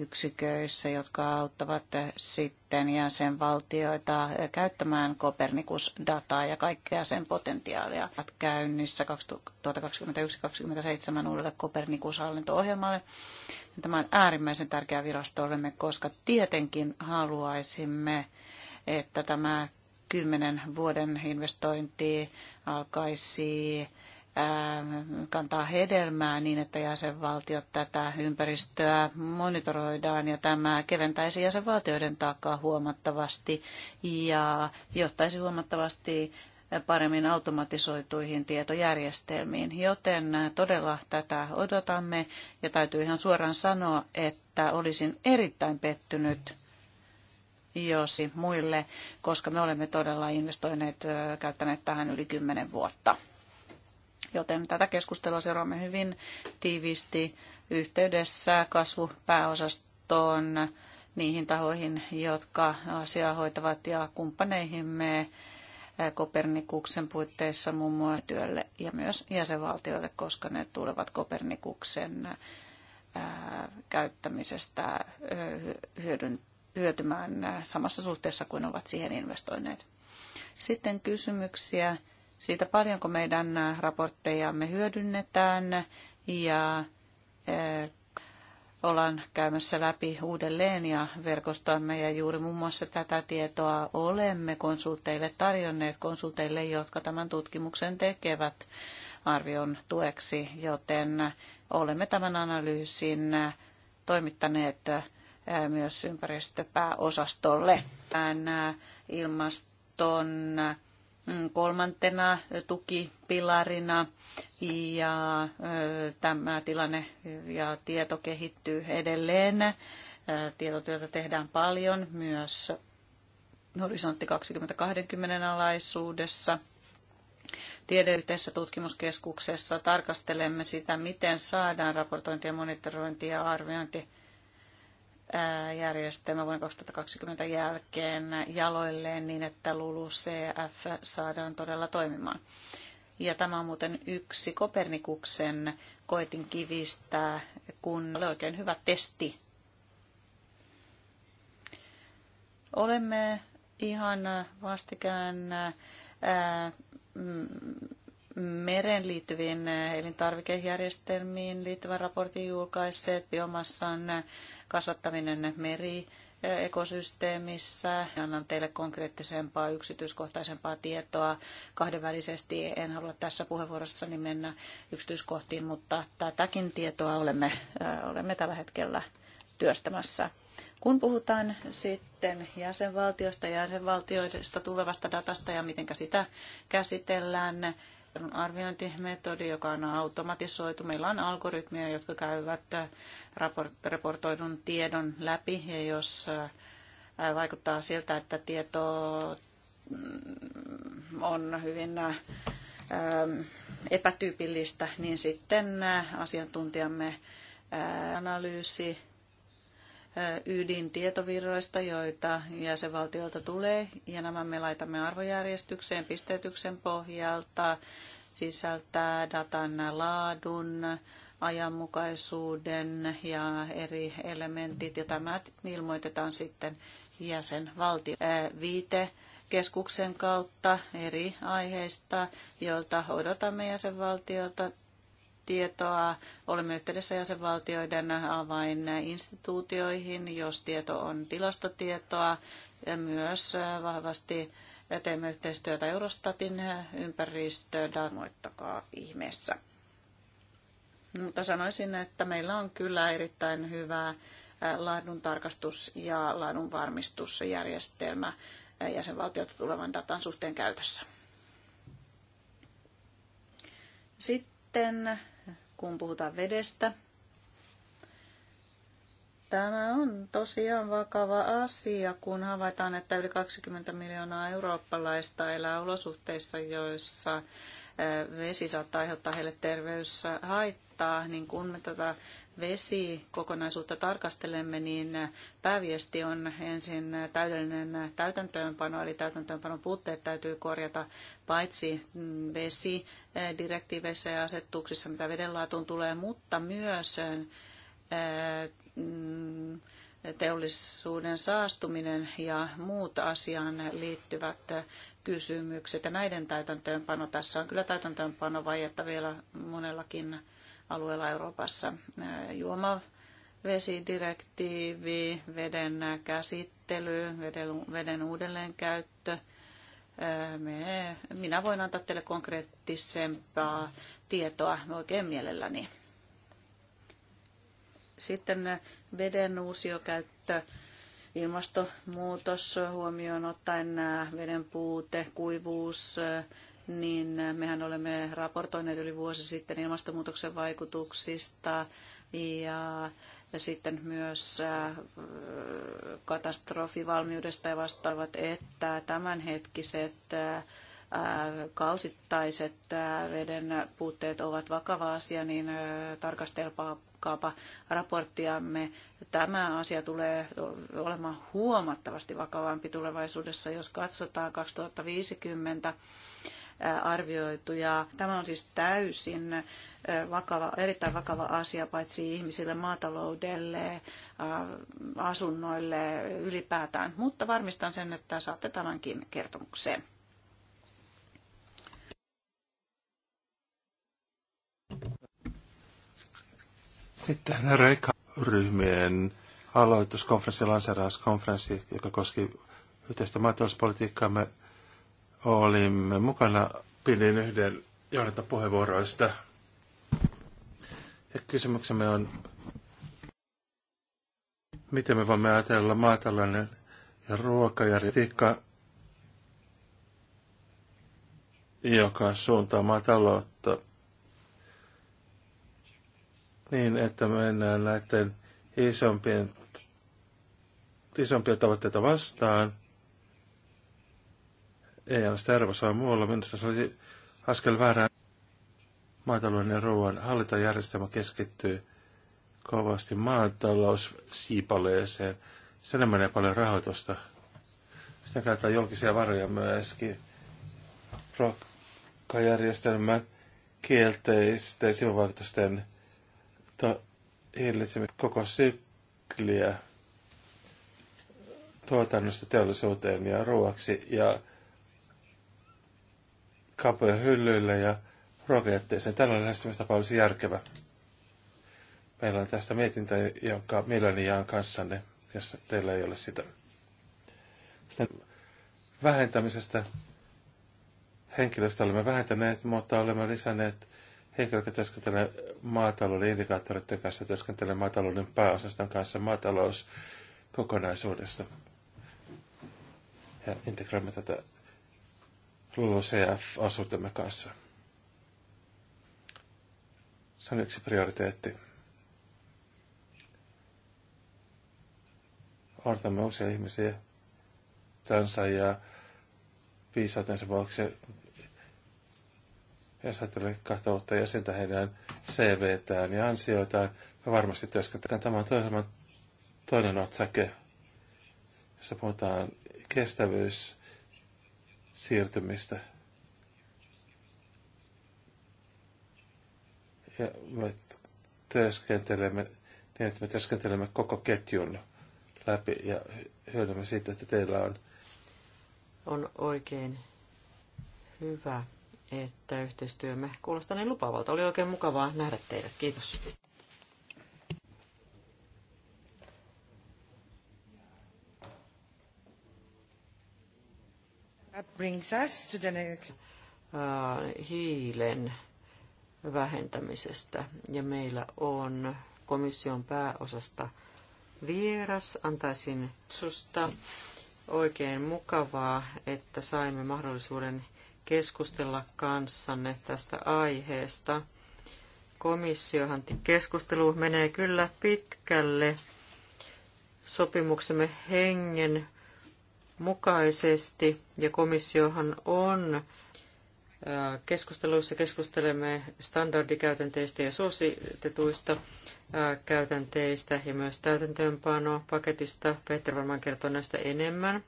yksiköissä, jotka auttavat sitten jäsenvaltioita käyttämään Kopernikus-dataa ja kaikkea sen potentiaalia. Käynnissä 2021-2027 uudelle Kopernikus-hallinto-ohjelmalle. Tämä on äärimmäisen tärkeä virastollemme, koska tietenkin haluaisimme, että tämä kymmenen vuoden investointi alkaisi Ähm, kantaa hedelmää niin, että jäsenvaltiot tätä ympäristöä monitoroidaan ja tämä keventäisi jäsenvaltioiden taakkaa huomattavasti ja johtaisi huomattavasti paremmin automatisoituihin tietojärjestelmiin, joten todella tätä odotamme ja täytyy ihan suoraan sanoa, että olisin erittäin pettynyt jos muille, koska me olemme todella investoineet, käyttäneet tähän yli kymmenen vuotta joten tätä keskustelua seuraamme hyvin tiiviisti yhteydessä kasvupääosastoon niihin tahoihin, jotka asiaa hoitavat ja kumppaneihimme eh, Kopernikuksen puitteissa muun muassa työlle ja myös jäsenvaltioille, koska ne tulevat Kopernikuksen eh, käyttämisestä eh, hyödyn, hyötymään samassa suhteessa kuin ovat siihen investoineet. Sitten kysymyksiä siitä paljonko meidän raporttejamme hyödynnetään ja e, ollaan käymässä läpi uudelleen ja verkostoamme ja juuri muun muassa tätä tietoa olemme konsulteille tarjonneet, konsulteille, jotka tämän tutkimuksen tekevät arvion tueksi, joten olemme tämän analyysin toimittaneet e, myös ympäristöpääosastolle. Tämän e, ilmaston Mm, kolmantena tukipilarina ja tämä tilanne ja tieto kehittyy edelleen. Tietotyötä tehdään paljon myös Horisontti 2020 alaisuudessa. Tiedeyhteisessä tutkimuskeskuksessa tarkastelemme sitä, miten saadaan raportointia, monitorointia ja arviointi järjestelmä vuonna 2020 jälkeen jaloilleen niin, että LULUCF saadaan todella toimimaan. Ja tämä on muuten yksi Kopernikuksen koetin kivistä, kun oli oikein hyvä testi. Olemme ihan vastikään ää, mm, meren liittyviin elintarvikejärjestelmiin liittyvän raportin julkaisseet biomassan kasvattaminen meri eh, ekosysteemissä. Annan teille konkreettisempaa, yksityiskohtaisempaa tietoa kahdenvälisesti. En halua tässä puheenvuorossani mennä yksityiskohtiin, mutta tätäkin tietoa olemme, eh, olemme tällä hetkellä työstämässä. Kun puhutaan sitten jäsenvaltiosta ja jäsenvaltioista tulevasta datasta ja miten sitä käsitellään, arviointimetodi, joka on automatisoitu. Meillä on algoritmia, jotka käyvät äh, raportoidun tiedon läpi ja jos äh, vaikuttaa siltä, että tieto mm, on hyvin äh, epätyypillistä, niin sitten asiantuntijamme analyysi ydintietovirroista, joita jäsenvaltiolta tulee, ja nämä me laitamme arvojärjestykseen pisteytyksen pohjalta, sisältää datan laadun, ajanmukaisuuden ja eri elementit, ja tämä ilmoitetaan sitten jäsenvaltio viite keskuksen kautta eri aiheista, joilta odotamme jäsenvaltiolta tietoa. Olemme yhteydessä jäsenvaltioiden avaininstituutioihin, jos tieto on tilastotietoa. Ja myös vahvasti teemme yhteistyötä Eurostatin ympäristöä. Moittakaa ihmeessä. Mutta sanoisin, että meillä on kyllä erittäin hyvä tarkastus ja laadunvarmistusjärjestelmä jäsenvaltiota tulevan datan suhteen käytössä. Sitten kun puhutaan vedestä. Tämä on tosiaan vakava asia, kun havaitaan, että yli 20 miljoonaa eurooppalaista elää olosuhteissa, joissa vesi saattaa aiheuttaa heille terveyshaittaa, niin kun me tätä vesikokonaisuutta tarkastelemme, niin pääviesti on ensin täydellinen täytäntöönpano, eli täytäntöönpanon puutteet täytyy korjata paitsi vesi direktiiveissä ja asetuksissa, mitä vedenlaatuun tulee, mutta myös mm, teollisuuden saastuminen ja muut asiaan liittyvät kysymykset ja näiden täytäntöönpano. Tässä on kyllä täytäntöönpanovajetta vielä monellakin alueella Euroopassa. Juomavesidirektiivi, veden käsittely, veden, veden uudelleenkäyttö – me, minä voin antaa teille konkreettisempaa tietoa oikein mielelläni. Sitten veden uusiokäyttö, ilmastonmuutos huomioon ottaen nämä veden puute, kuivuus, niin mehän olemme raportoineet yli vuosi sitten ilmastonmuutoksen vaikutuksista ja ja sitten myös äh, katastrofivalmiudesta ja vastaavat, että tämänhetkiset äh, kausittaiset äh, veden puutteet ovat vakava asia, niin tarkastelkaapa raporttiamme. Tämä asia tulee olemaan huomattavasti vakavampi tulevaisuudessa, jos katsotaan 2050 arvioitu. Ja tämä on siis täysin vakava, erittäin vakava asia paitsi ihmisille, maataloudelle, asunnoille ylipäätään. Mutta varmistan sen, että saatte tämänkin kertomukseen. Sitten Reika-ryhmien aloituskonferenssi, lanseerauskonferenssi, joka koski yhteistä maatalouspolitiikkaamme olimme mukana, pidin yhden johdetta puheenvuoroista. Ja kysymyksemme on, miten me voimme ajatella maatalouden ja ruokajärjestelmä, joka suuntaa maataloutta niin, että mennään näiden isompien, isompia tavoitteita vastaan ei ole sitä arvosaa muualla. Minusta se oli askel väärään. Maatalouden ja ruoan hallintajärjestelmä keskittyy kovasti maataloussiipaleeseen. Sen menee paljon rahoitusta. Sitä käytetään julkisia varoja myöskin. Ruokajärjestelmän kielteisten sivuvaikutusten hillitsemistä koko sykliä tuotannosta teollisuuteen ja ruoaksi ja kaupojen hyllyille ja ruokajätteeseen. Tällainen lähestymistapa olisi järkevä. Meillä on tästä mietintä, jonka mielelläni jaan kanssanne, jos teillä ei ole sitä. Sitten vähentämisestä henkilöstä olemme vähentäneet, mutta olemme lisänneet henkilö, jotka työskentelee maatalouden indikaattoreiden kanssa, työskentelee maatalouden pääosaston kanssa maatalous Ja integroimme tätä LULUCF-osuutemme kanssa. Se on yksi prioriteetti. Odotamme uusia ihmisiä tansa ja viisautensa vuoksi. Jos ajattelee kahta uutta jäsentä heidän CVtään ja ansioitaan, me varmasti työskentelemme tämän toisen toinen otsake, jossa puhutaan kestävyys siirtymistä. Ja me työskentelemme niin, että me työskentelemme koko ketjun läpi ja hyödymme siitä, että teillä on. On oikein hyvä, että yhteistyömme kuulostaa niin lupavalta. Oli oikein mukavaa nähdä teidät. Kiitos. That brings us to the next. Uh, hiilen vähentämisestä. Ja meillä on komission pääosasta vieras. Antaisin susta oikein mukavaa, että saimme mahdollisuuden keskustella kanssanne tästä aiheesta. Komissiohan keskustelu menee kyllä pitkälle sopimuksemme hengen mukaisesti, ja komissiohan on äh, keskusteluissa keskustelemme standardikäytänteistä ja suositetuista äh, käytänteistä ja myös täytäntöönpano paketista. Peter varmaan kertoo näistä enemmän.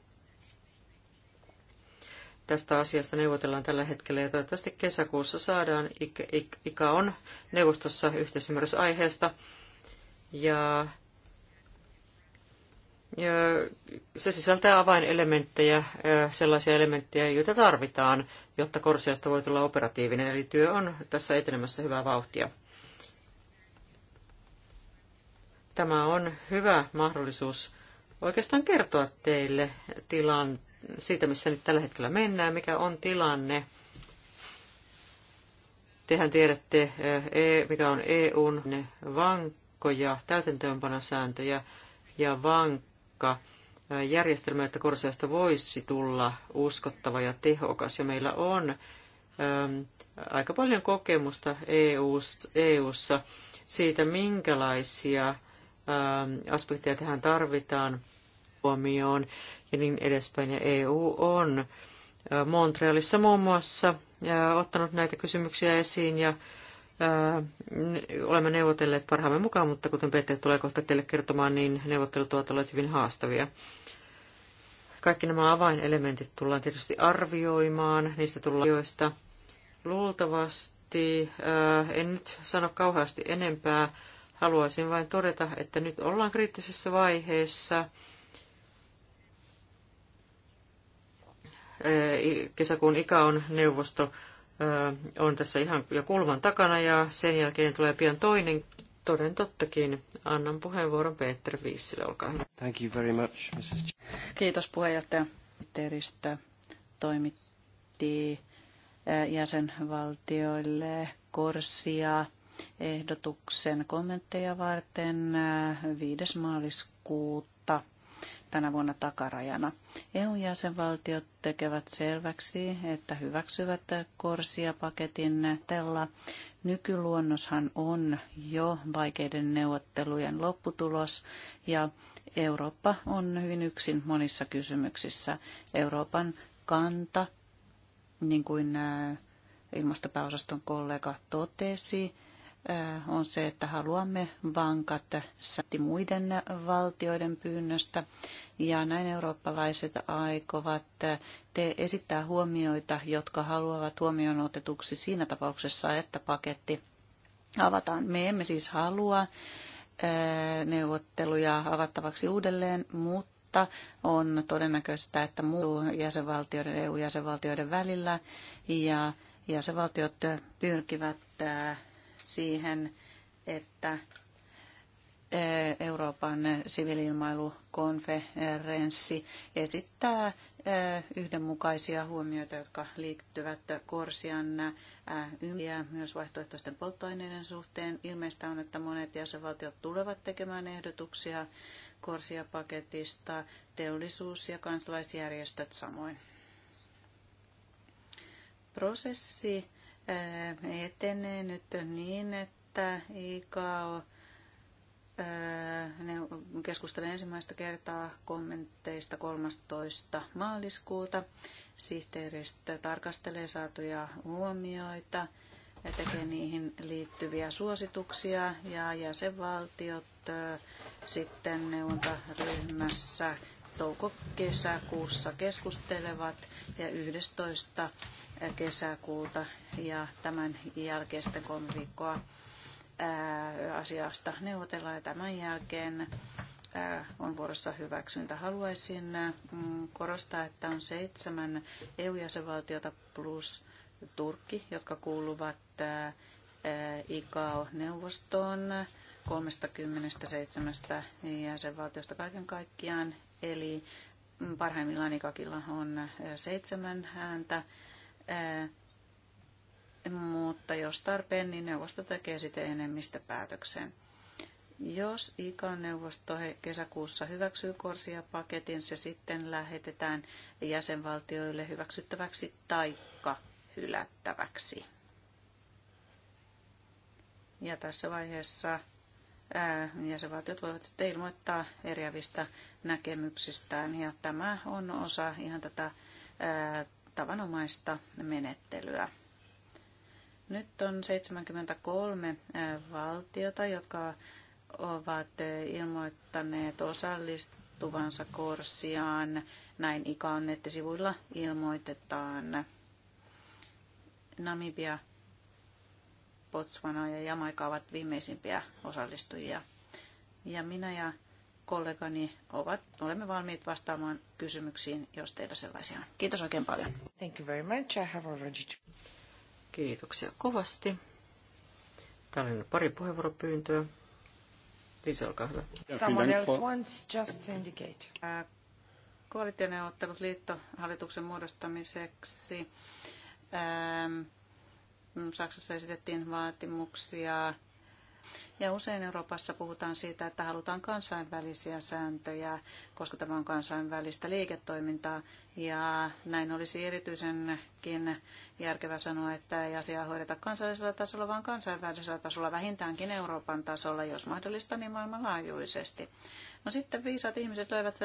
Tästä asiasta neuvotellaan tällä hetkellä ja toivottavasti kesäkuussa saadaan ikä on neuvostossa yhteisymmärrys aiheesta. Ja se sisältää avainelementtejä, sellaisia elementtejä, joita tarvitaan, jotta korsiasta voi tulla operatiivinen. Eli työ on tässä etenemässä hyvää vauhtia. Tämä on hyvä mahdollisuus oikeastaan kertoa teille tilan, siitä, missä nyt tällä hetkellä mennään, mikä on tilanne. Tehän tiedätte, e, mikä on EUn vankkoja täytäntöönpanosääntöjä ja vankkoja tarkka järjestelmä, että korsiasta voisi tulla uskottava ja tehokas. Ja meillä on äm, aika paljon kokemusta EU-ssa e siitä, minkälaisia äm, aspekteja tähän tarvitaan huomioon ja niin edespäin. Ja EU on Montrealissa muun muassa ottanut näitä kysymyksiä esiin ja Äh, olemme neuvotelleet parhaamme mukaan, mutta kuten Peter tulee kohta teille kertomaan, niin neuvottelut ovat olleet hyvin haastavia. Kaikki nämä avainelementit tullaan tietysti arvioimaan niistä tullaan joista. Luultavasti, äh, en nyt sano kauheasti enempää, haluaisin vain todeta, että nyt ollaan kriittisessä vaiheessa. Äh, kesäkuun ikä on neuvosto on tässä ihan jo kulman takana ja sen jälkeen tulee pian toinen toden tottakin. Annan puheenvuoron Peter Viissille, olkaa hyvä. Thank you very much, Mrs. Kiitos puheenjohtaja Teristä. Toimitti jäsenvaltioille korsia ehdotuksen kommentteja varten 5. maaliskuuta tänä vuonna takarajana. EUn jäsenvaltiot tekevät selväksi, että hyväksyvät Korsia-paketin tella. Nykyluonnoshan on jo vaikeiden neuvottelujen lopputulos ja Eurooppa on hyvin yksin monissa kysymyksissä. Euroopan kanta, niin kuin äh, ilmastopääosaston kollega totesi, on se, että haluamme vankat säti muiden valtioiden pyynnöstä. Ja näin eurooppalaiset aikovat te esittää huomioita, jotka haluavat huomioon otetuksi siinä tapauksessa, että paketti avataan. Me emme siis halua neuvotteluja avattavaksi uudelleen, mutta mutta on todennäköistä, että muu jäsenvaltioiden, EU-jäsenvaltioiden välillä ja jäsenvaltiot pyrkivät siihen, että eh, Euroopan siviiliilmailukonferenssi esittää eh, yhdenmukaisia huomioita, jotka liittyvät Korsian eh, ja myös vaihtoehtoisten polttoaineiden suhteen. Ilmeistä on, että monet jäsenvaltiot tulevat tekemään ehdotuksia Korsia-paketista, teollisuus- ja kansalaisjärjestöt samoin. Prosessi etenee nyt niin, että ICAO keskustelee ensimmäistä kertaa kommentteista 13. maaliskuuta. Sihteeristö tarkastelee saatuja huomioita ja tekee niihin liittyviä suosituksia ja jäsenvaltiot sitten neuvontaryhmässä touko-kesäkuussa keskustelevat ja 11. kesäkuuta ja tämän jälkeen sitten kolme viikkoa asiasta neuvotellaan ja tämän jälkeen on vuorossa hyväksyntä. Haluaisin mm, korostaa, että on seitsemän EU-jäsenvaltiota plus Turkki, jotka kuuluvat ICAO-neuvostoon 37 jäsenvaltiosta kaiken kaikkiaan. Eli mm, parhaimmillaan ICAKilla on seitsemän ääntä mutta jos tarpeen, niin neuvosto tekee sitten enemmistöpäätöksen. Jos IKAN neuvosto kesäkuussa hyväksyy Korsia-paketin, se sitten lähetetään jäsenvaltioille hyväksyttäväksi taikka hylättäväksi. Ja tässä vaiheessa ää, jäsenvaltiot voivat sitten ilmoittaa eriävistä näkemyksistään. Ja tämä on osa ihan tätä ää, tavanomaista menettelyä. Nyt on 73 valtiota, jotka ovat ilmoittaneet osallistuvansa Korsiaan. Näin ikaan nettisivuilla ilmoitetaan. Namibia, Botswana ja Jamaika ovat viimeisimpiä osallistujia. Ja minä ja kollegani ovat, olemme valmiit vastaamaan kysymyksiin, jos teillä sellaisia on. Kiitos oikein paljon. Thank you very much. I have already... Kiitoksia kovasti. Täällä on pari puheenvuoropyyntöä. Liisa, olkaa hyvä. Someone else wants, just indicate. Koalitioneuvottelut liittohallituksen muodostamiseksi. Saksassa esitettiin vaatimuksia ja usein Euroopassa puhutaan siitä, että halutaan kansainvälisiä sääntöjä, koska tämä on kansainvälistä liiketoimintaa. Ja näin olisi erityisenkin järkevä sanoa, että ei asiaa hoideta kansallisella tasolla, vaan kansainvälisellä tasolla, vähintäänkin Euroopan tasolla, jos mahdollista, niin maailmanlaajuisesti. No sitten viisaat ihmiset löivät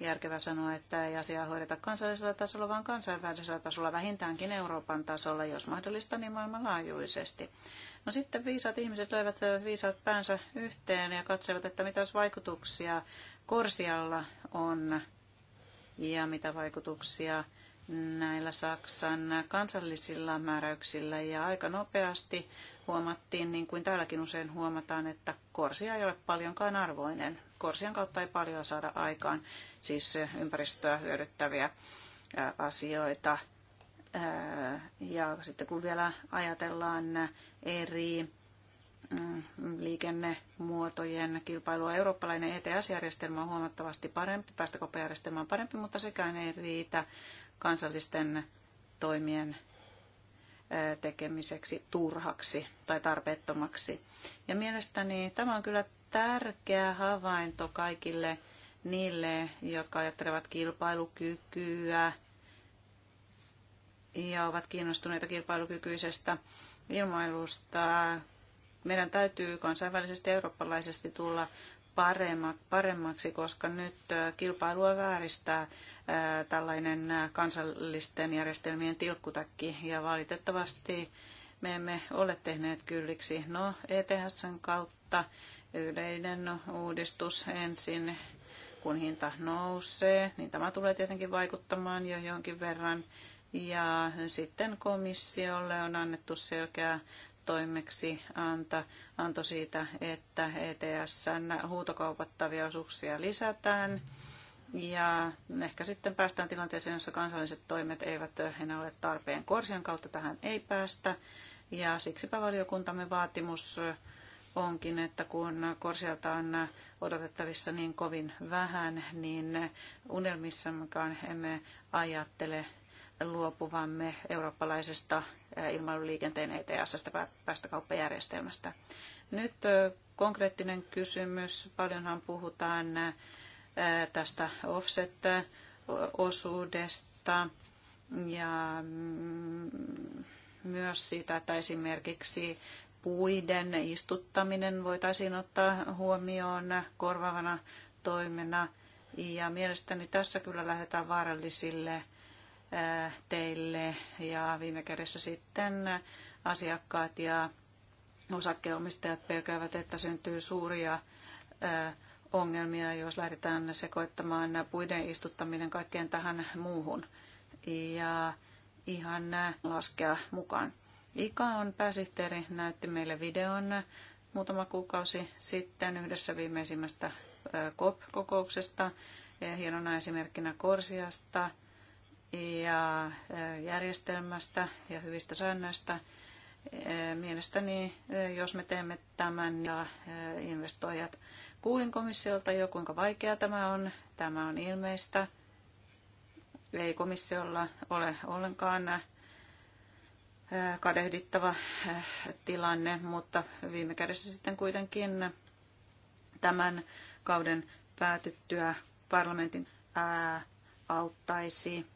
järkevä sanoa, että ei asiaa hoideta kansallisella tasolla, vaan kansainvälisellä tasolla, vähintäänkin Euroopan tasolla, jos mahdollista, niin maailmanlaajuisesti. No sitten viisaat ihmiset löivät viisaat piisat päänsä yhteen ja katsoivat, että mitä vaikutuksia Korsialla on ja mitä vaikutuksia näillä Saksan kansallisilla määräyksillä. Ja aika nopeasti huomattiin, niin kuin täälläkin usein huomataan, että Korsia ei ole paljonkaan arvoinen. Korsian kautta ei paljon saada aikaan siis ympäristöä hyödyttäviä asioita. Ja sitten kun vielä ajatellaan eri Mm, liikennemuotojen kilpailua. Eurooppalainen ETS-järjestelmä on huomattavasti parempi, päästökoppajärjestelmä on parempi, mutta sekään ei riitä kansallisten toimien tekemiseksi turhaksi tai tarpeettomaksi. Ja mielestäni tämä on kyllä tärkeä havainto kaikille niille, jotka ajattelevat kilpailukykyä ja ovat kiinnostuneita kilpailukykyisestä ilmailusta. Meidän täytyy kansainvälisesti eurooppalaisesti tulla paremmaksi, koska nyt kilpailua vääristää tällainen kansallisten järjestelmien tilkkutakki ja valitettavasti me emme ole tehneet kylliksi. No, ETHSn kautta yleinen uudistus ensin, kun hinta nousee, niin tämä tulee tietenkin vaikuttamaan jo jonkin verran. Ja sitten komissiolle on annettu selkeä toimeksi anta, anto siitä, että ETSn huutokaupattavia osuuksia lisätään. Ja ehkä sitten päästään tilanteeseen, jossa kansalliset toimet eivät enää ole tarpeen. Korsian kautta tähän ei päästä. Ja siksipä valiokuntamme vaatimus onkin, että kun Korsialta on odotettavissa niin kovin vähän, niin unelmissammekaan emme ajattele luopuvamme eurooppalaisesta ilmailuliikenteen ETS-stä päästökauppajärjestelmästä. Nyt konkreettinen kysymys. Paljonhan puhutaan tästä offset-osuudesta ja mm, myös siitä, että esimerkiksi puiden istuttaminen voitaisiin ottaa huomioon korvaavana toimena. Ja mielestäni tässä kyllä lähdetään vaarallisille Äh, teille ja viime kädessä sitten asiakkaat ja osakkeenomistajat pelkäävät, että syntyy suuria äh, ongelmia, jos lähdetään sekoittamaan puiden istuttaminen kaikkeen tähän muuhun ja ihan äh, laskea mukaan. Ika on pääsihteeri, näytti meille videon muutama kuukausi sitten yhdessä viimeisimmästä COP-kokouksesta, hienona esimerkkinä Korsiasta – ja järjestelmästä ja hyvistä säännöistä. Mielestäni, jos me teemme tämän ja investoijat kuulin komissiolta jo, kuinka vaikea tämä on. Tämä on ilmeistä. Ei komissiolla ole ollenkaan kadehdittava tilanne, mutta viime kädessä sitten kuitenkin tämän kauden päätyttyä parlamentin auttaisi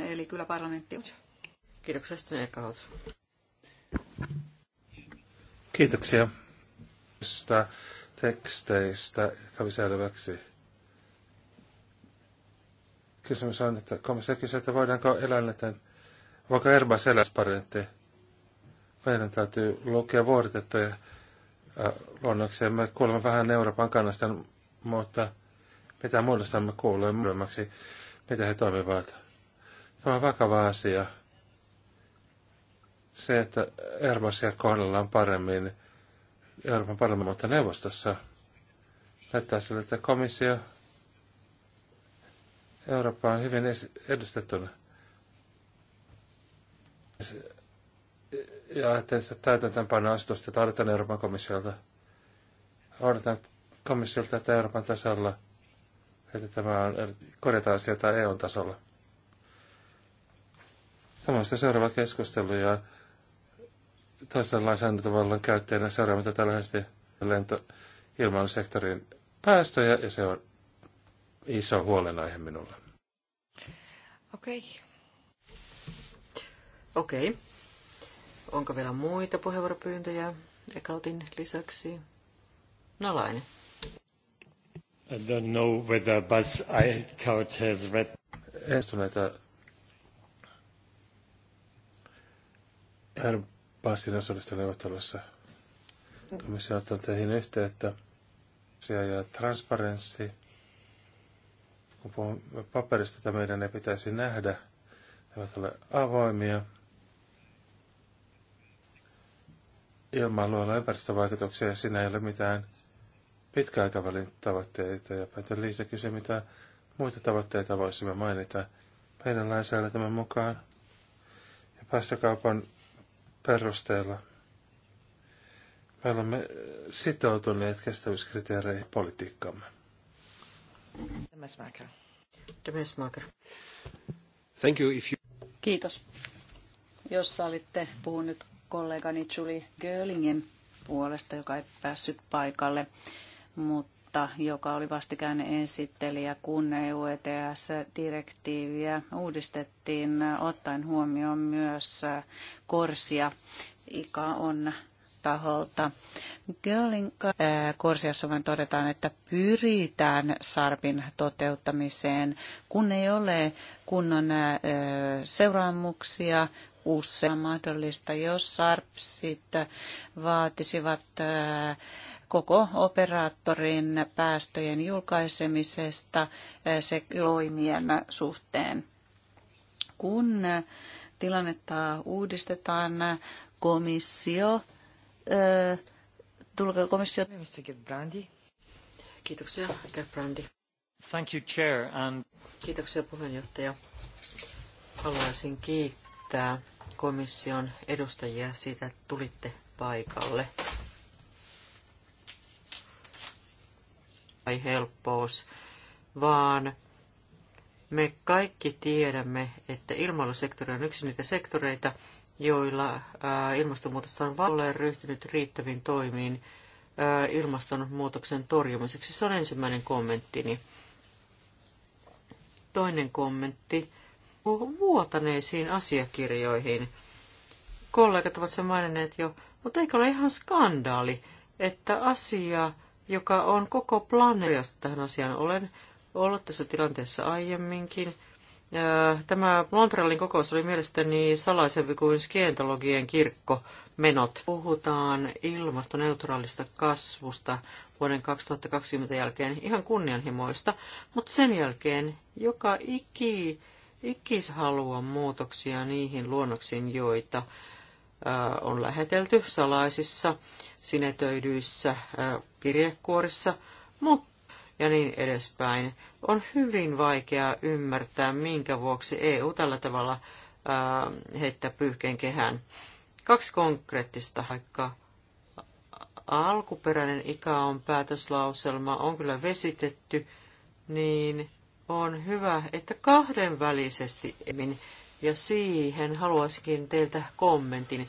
Eli kyllä parlamentti on. Kiitoksia, Stenekaut. Kiitoksia teksteistä kävi selväksi. Kysymys on, että komissio kysyy, että voidaanko eläinten, vaikka Erbas eläisparentti, Meidän täytyy lukea vuoritettuja äh, luonnoksia. Me kuulemme vähän Euroopan kannasta, mutta mitä muodostamme kuulemme myöhemmäksi, miten he toimivat. Tämä on vakava asia. Se, että Ermasia kohdellaan paremmin Euroopan parlamentin neuvostossa, näyttää sille, että komissio Eurooppa on hyvin edustettuna. Ja ajattelin sitä täytäntöönpanoa asetusta, että odotan Euroopan komissiolta. Odotan komissiolta, että Euroopan tasolla, että tämä on, korjataan asia eu tasolla. Tämä on se seuraava keskustelu ja toisella lainsäädäntövallan käyttäjänä seuraamme tätä läheisesti lentoilmailusektorin päästöjä ja se on iso huolenaihe minulle. Okei. Okay. Okei. Okay. Onko vielä muita puheenvuoropyyntöjä Ekautin lisäksi? Nalainen. No, I don't know whether I count has read... Estuneita Airbussin osuudesta neuvottelussa. Komissio on ottanut teihin yhteyttä. Asia ja transparenssi. Kun puhumme paperista, että meidän ei pitäisi nähdä, ne ovat ole avoimia. luolla ympäristövaikutuksia ja siinä ei ole mitään pitkäaikavälin tavoitteita. Ja päätän Liisa kysyä, mitä muita tavoitteita voisimme mainita meidän lainsäädäntömme mukaan. Ja päästökaupan perusteella me olemme sitoutuneet kestävyyskriteereihin politiikkaamme. Thank you, if you... Kiitos. Jos olitte puhunut kollegani Julie Görlingin puolesta, joka ei päässyt paikalle, mutta Daltolta, joka oli vastikään esittelijä, kun EU-ETS-direktiiviä uudistettiin ottaen huomioon myös Korsia. Ika on taholta. Girlin korsiassa vain todetaan, että pyritään SARPin toteuttamiseen, kun ei ole kunnon seuraamuksia usein mahdollista, jos SARPsit vaatisivat koko operaattorin päästöjen julkaisemisesta eh, se loimien suhteen. Kun tilannetta uudistetaan, komissio, eh, tulkaa komissio. Kiitoksia, Gerbrandi. Thank you, Chair. And... Kiitoksia puheenjohtaja. Haluaisin kiittää komission edustajia siitä, että tulitte paikalle. tai helppous, vaan me kaikki tiedämme, että ilmailusektori on yksi niitä sektoreita, joilla äh, ilmastonmuutosta on valleen ryhtynyt riittäviin toimiin äh, ilmastonmuutoksen torjumiseksi. Se on ensimmäinen kommenttini. Toinen kommentti vuotaneisiin asiakirjoihin. Kollegat ovat sen maininneet jo, mutta eikö ole ihan skandaali, että asia joka on koko planeetasta tähän asiaan. Olen ollut tässä tilanteessa aiemminkin. Tämä Montrealin kokous oli mielestäni salaisempi kuin skientologien Menot. Puhutaan ilmastoneutraalista kasvusta vuoden 2020 jälkeen ihan kunnianhimoista, mutta sen jälkeen joka iki, ikis halua muutoksia niihin luonnoksiin, joita on lähetelty salaisissa, sinetöidyissä kirjekuorissa, mutta ja niin edespäin. On hyvin vaikea ymmärtää, minkä vuoksi EU tällä tavalla heittää pyyhkeen kehään. Kaksi konkreettista, vaikka alkuperäinen ikaon päätöslauselma on kyllä vesitetty, niin on hyvä, että kahdenvälisesti ja siihen haluaisikin teiltä kommentin.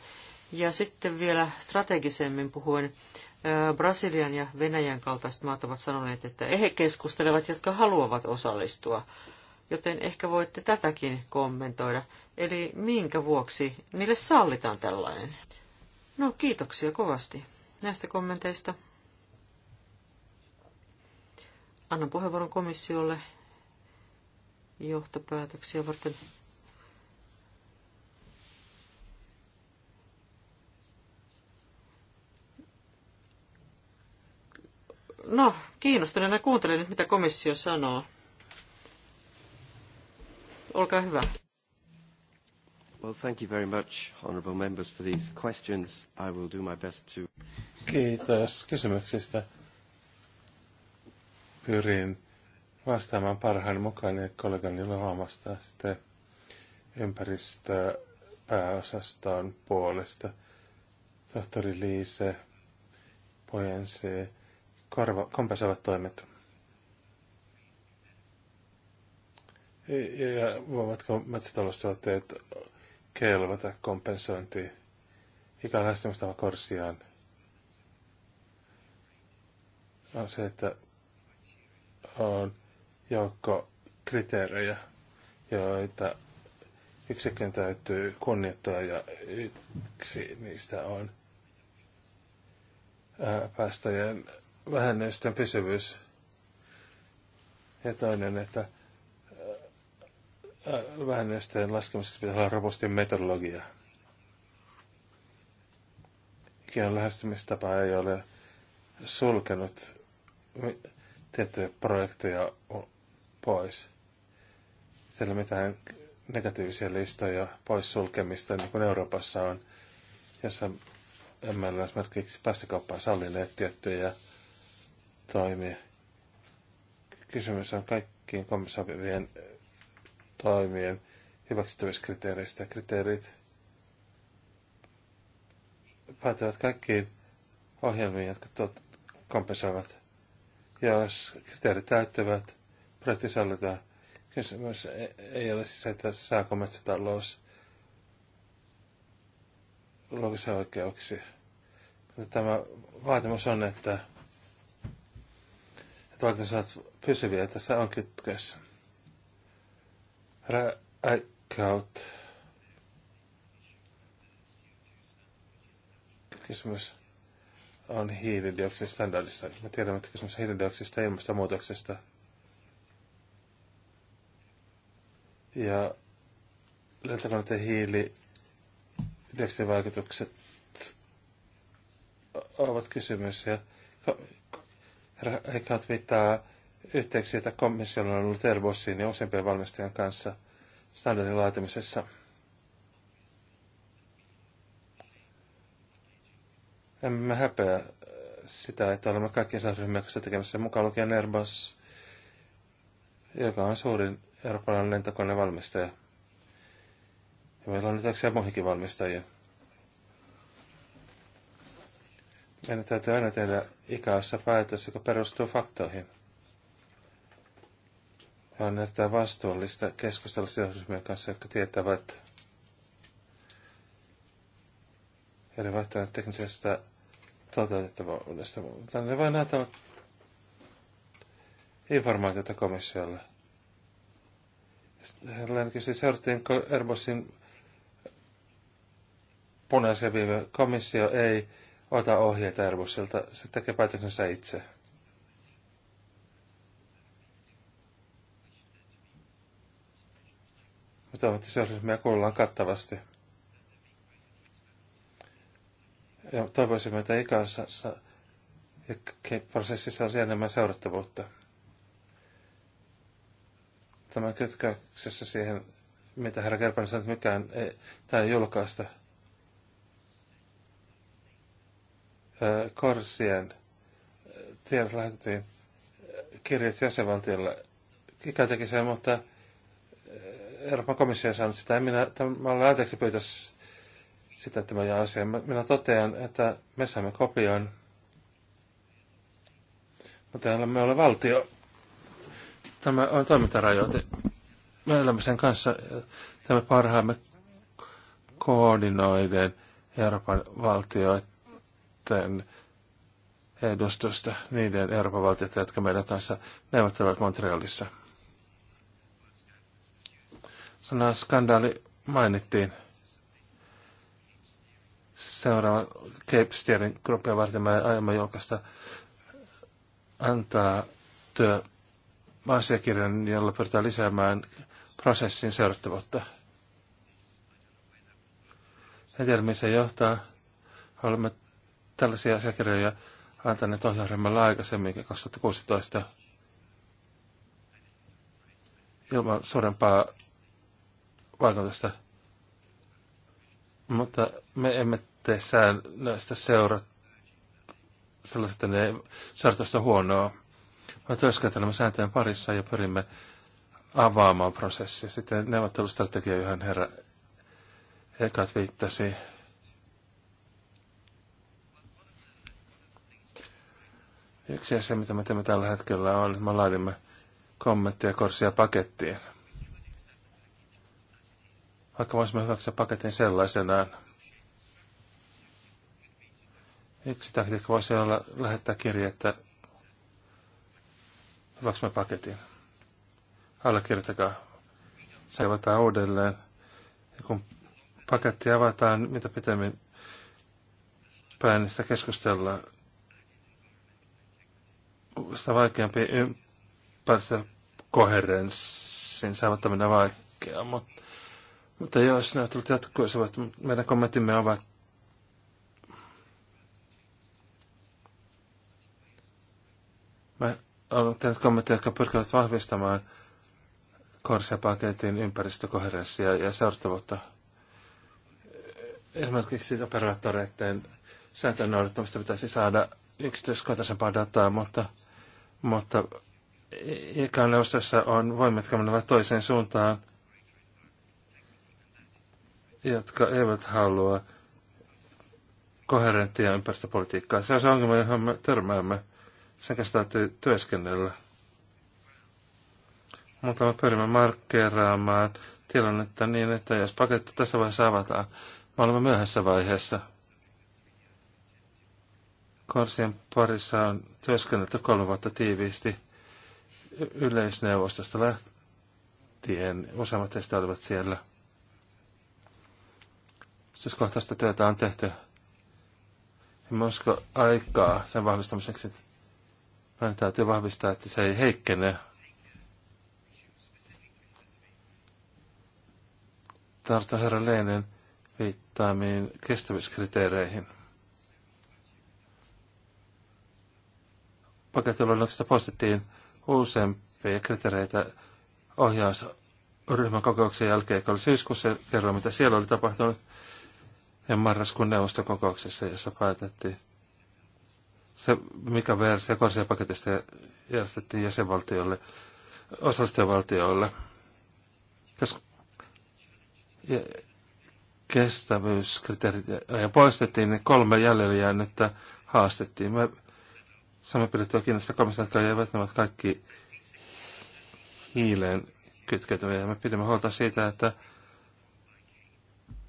Ja sitten vielä strategisemmin puhuen, Brasilian ja Venäjän kaltaiset maat ovat sanoneet, että he keskustelevat, jotka haluavat osallistua. Joten ehkä voitte tätäkin kommentoida. Eli minkä vuoksi niille sallitaan tällainen? No kiitoksia kovasti näistä kommenteista. Annan puheenvuoron komissiolle johtopäätöksiä varten. No, kiinnostuneena kuuntelen nyt, mitä komissio sanoo. Olkaa hyvä. Well, thank you very much, honorable members, for these questions. I will do my best to... Kiitos kysymyksistä. Pyrin vastaamaan parhaan mukaan ja kollegani Lohamasta sitten ympäristöpääosaston puolesta. Tohtori Liise Pojensi korva, kompensoivat toimet. Ja voivatko metsätaloustuotteet kelvata kompensointiin ikään lähestymistava korsiaan? On se, että on joukko kriteerejä, joita yksikön täytyy kunnioittaa ja yksi niistä on päästöjen vähennysten pysyvyys. Ja toinen, että äh, äh, vähennysten laskemisessa pitää olla robustin metodologia. Ikään lähestymistapa ei ole sulkenut tiettyjä projekteja pois. Siellä mitään negatiivisia listoja pois sulkemista, niin kuin Euroopassa on, jossa emme ole esimerkiksi päästökauppaan sallineet tiettyjä toimii. Kysymys on kaikkiin komissavien toimien hyväksyttävyyskriteereistä. Kriteerit päätyvät kaikkiin ohjelmiin, jotka tuot kompensoivat. Jos kriteerit täyttyvät, projekti sallitaan. Kysymys e, ei ole siis, että saako metsätalous logisia oikeuksia. Mutta tämä vaatimus on, että toiset ovat pysyviä. Tässä on kytkössä. Räikkaut. Kysymys on hiilidioksidin standardista. Me tiedämme, että kysymys on hiilidioksidista ja ilmastonmuutoksesta. Ja hiilidioksidin vaikutukset ovat kysymys. Ja Herra viittaa yhteyksiä, että komissio on ollut Airbusiin ja useampien valmistajan kanssa standardin laatimisessa. Emme häpeä sitä, että olemme kaikki saaryhmien kanssa tekemässä mukaan lukien Airbus, joka on suurin eurooppalainen lentokonevalmistaja. Ja meillä on nyt muihinkin valmistajia. Meidän täytyy aina tehdä ikässä päätös, joka perustuu faktoihin. Ja on erittäin vastuullista keskustella sidosryhmien kanssa, jotka tietävät eri vaihtoehtojen teknisestä toteutettavuudesta. Mutta ne vain näyttää informaatiota komissiolle. Sitten kysyi, seurattiinko Airbusin punaisen viime Komissio ei ota ohjeita Airbusilta, se tekee päätöksensä itse. Me kuullaan kattavasti. Ja toivoisimme, että ikänsä ja prosessissa olisi enemmän seurattavuutta. Tämä kytkäyksessä siihen, mitä herra Kerpani sanoi, että mikään ei, tämä ei julkaista. Korsien tiedot lähetettiin kirjat jäsenvaltiolle. Kika teki sen, mutta Euroopan komissio ei sitä. En minä, tämä mä anteeksi pyytä sitä, että mä asia. Minä totean, että me saamme kopion, mutta täällä me olemme valtio. Tämä on toimintarajoite. Me elämme sen kanssa, tämä parhaamme koordinoiden Euroopan valtioita sitten edustusta niiden Euroopan valtioita, jotka meidän kanssa neuvottelevat Montrealissa. Sana skandaali mainittiin. Seuraava Cape Steering Groupia varten me aiemmin julkaista antaa työ asiakirjan, jolla pyritään lisäämään prosessin seurattavuutta. En se johtaa. Olemme tällaisia asiakirjoja antaneet ohjausryhmällä aikaisemmin 2016 ilman suurempaa vaikutusta. Mutta me emme tee säännöistä seurat sellaiset, että ne seuratusta huonoa. Me työskentelemme sääntöjen parissa ja pyrimme avaamaan prosessia. Sitten neuvottelustrategia, johon herra Ekat viittasi, Yksi asia, mitä me teemme tällä hetkellä, on, että me laadimme kommentteja korsia pakettiin. Vaikka voisimme hyväksyä paketin sellaisenaan. Yksi taktiikka voisi olla lähettää kirje, että hyväksymme paketin. Allekirjoittakaa. Se avataan uudelleen. Ja kun paketti avataan, mitä pitemmin päin, niin sitä keskustellaan sitä vaikeampi päästä koherenssin saavuttaminen vaikeaa, mutta, mutta jos neuvottelut jatkuisivat, meidän kommenttimme ovat Mä olen tehnyt kommentteja, jotka pyrkivät vahvistamaan korsiapaketin ympäristökoherenssia ja seurattavuutta. Esimerkiksi operaattoreiden sääntöön noudattamista pitäisi saada yksityiskohtaisempaa dataa, mutta mutta osassa on voimat, jotka menevät toiseen suuntaan, jotka eivät halua koherenttia ympäristöpolitiikkaa. Se on se ongelma, johon me törmäämme. Sen kanssa täytyy työskennellä. Mutta me pyrimme markkeraamaan tilannetta niin, että jos paketti tässä vaiheessa avataan, me olemme myöhässä vaiheessa – Korsien parissa on työskennellyt kolme vuotta tiiviisti yleisneuvostosta lähtien. Useimmat teistä olivat siellä. Yksityiskohtaista työtä on tehty. En usko aikaa sen vahvistamiseksi. Meidän täytyy vahvistaa, että se ei heikkene. Tartu herra Leinen viittaamiin kestävyyskriteereihin. pakettiluonnoksesta poistettiin useampia kriteereitä ohjausryhmän kokouksen jälkeen, joka oli syyskuussa kerro mitä siellä oli tapahtunut, ja marraskuun neuvoston kokouksessa, jossa päätettiin se, mikä versio paketista järjestettiin jäsenvaltiolle, osallistujavaltioille. Kes- ja kestävyyskriteerit ja poistettiin, niin kolme jäljellä jäänyttä haastettiin. Me Saamme pidettyä Kiinasta kolmesta, jotka jäivät, ne ovat kaikki hiileen kytkeytyviä. Me pidimme huolta siitä, että,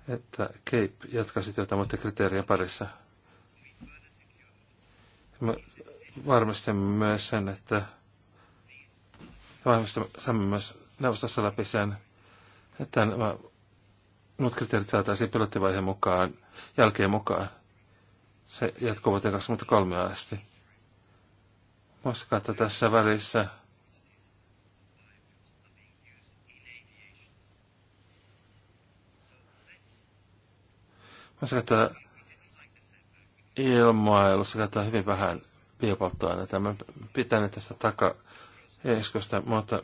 että Cape jatkaisi työtä muiden kriteerien parissa. Me varmistimme myös sen, että varmistamme myös neuvostossa läpi sen, että nämä muut kriteerit saataisiin pilottivaiheen mukaan, jälkeen mukaan. Se jatkuu vuoteen 2003 asti. Moskata tässä välissä. Moskata ilmailussa käytetään hyvin vähän biopolttoaineita. Mä pitän tästä taka mutta,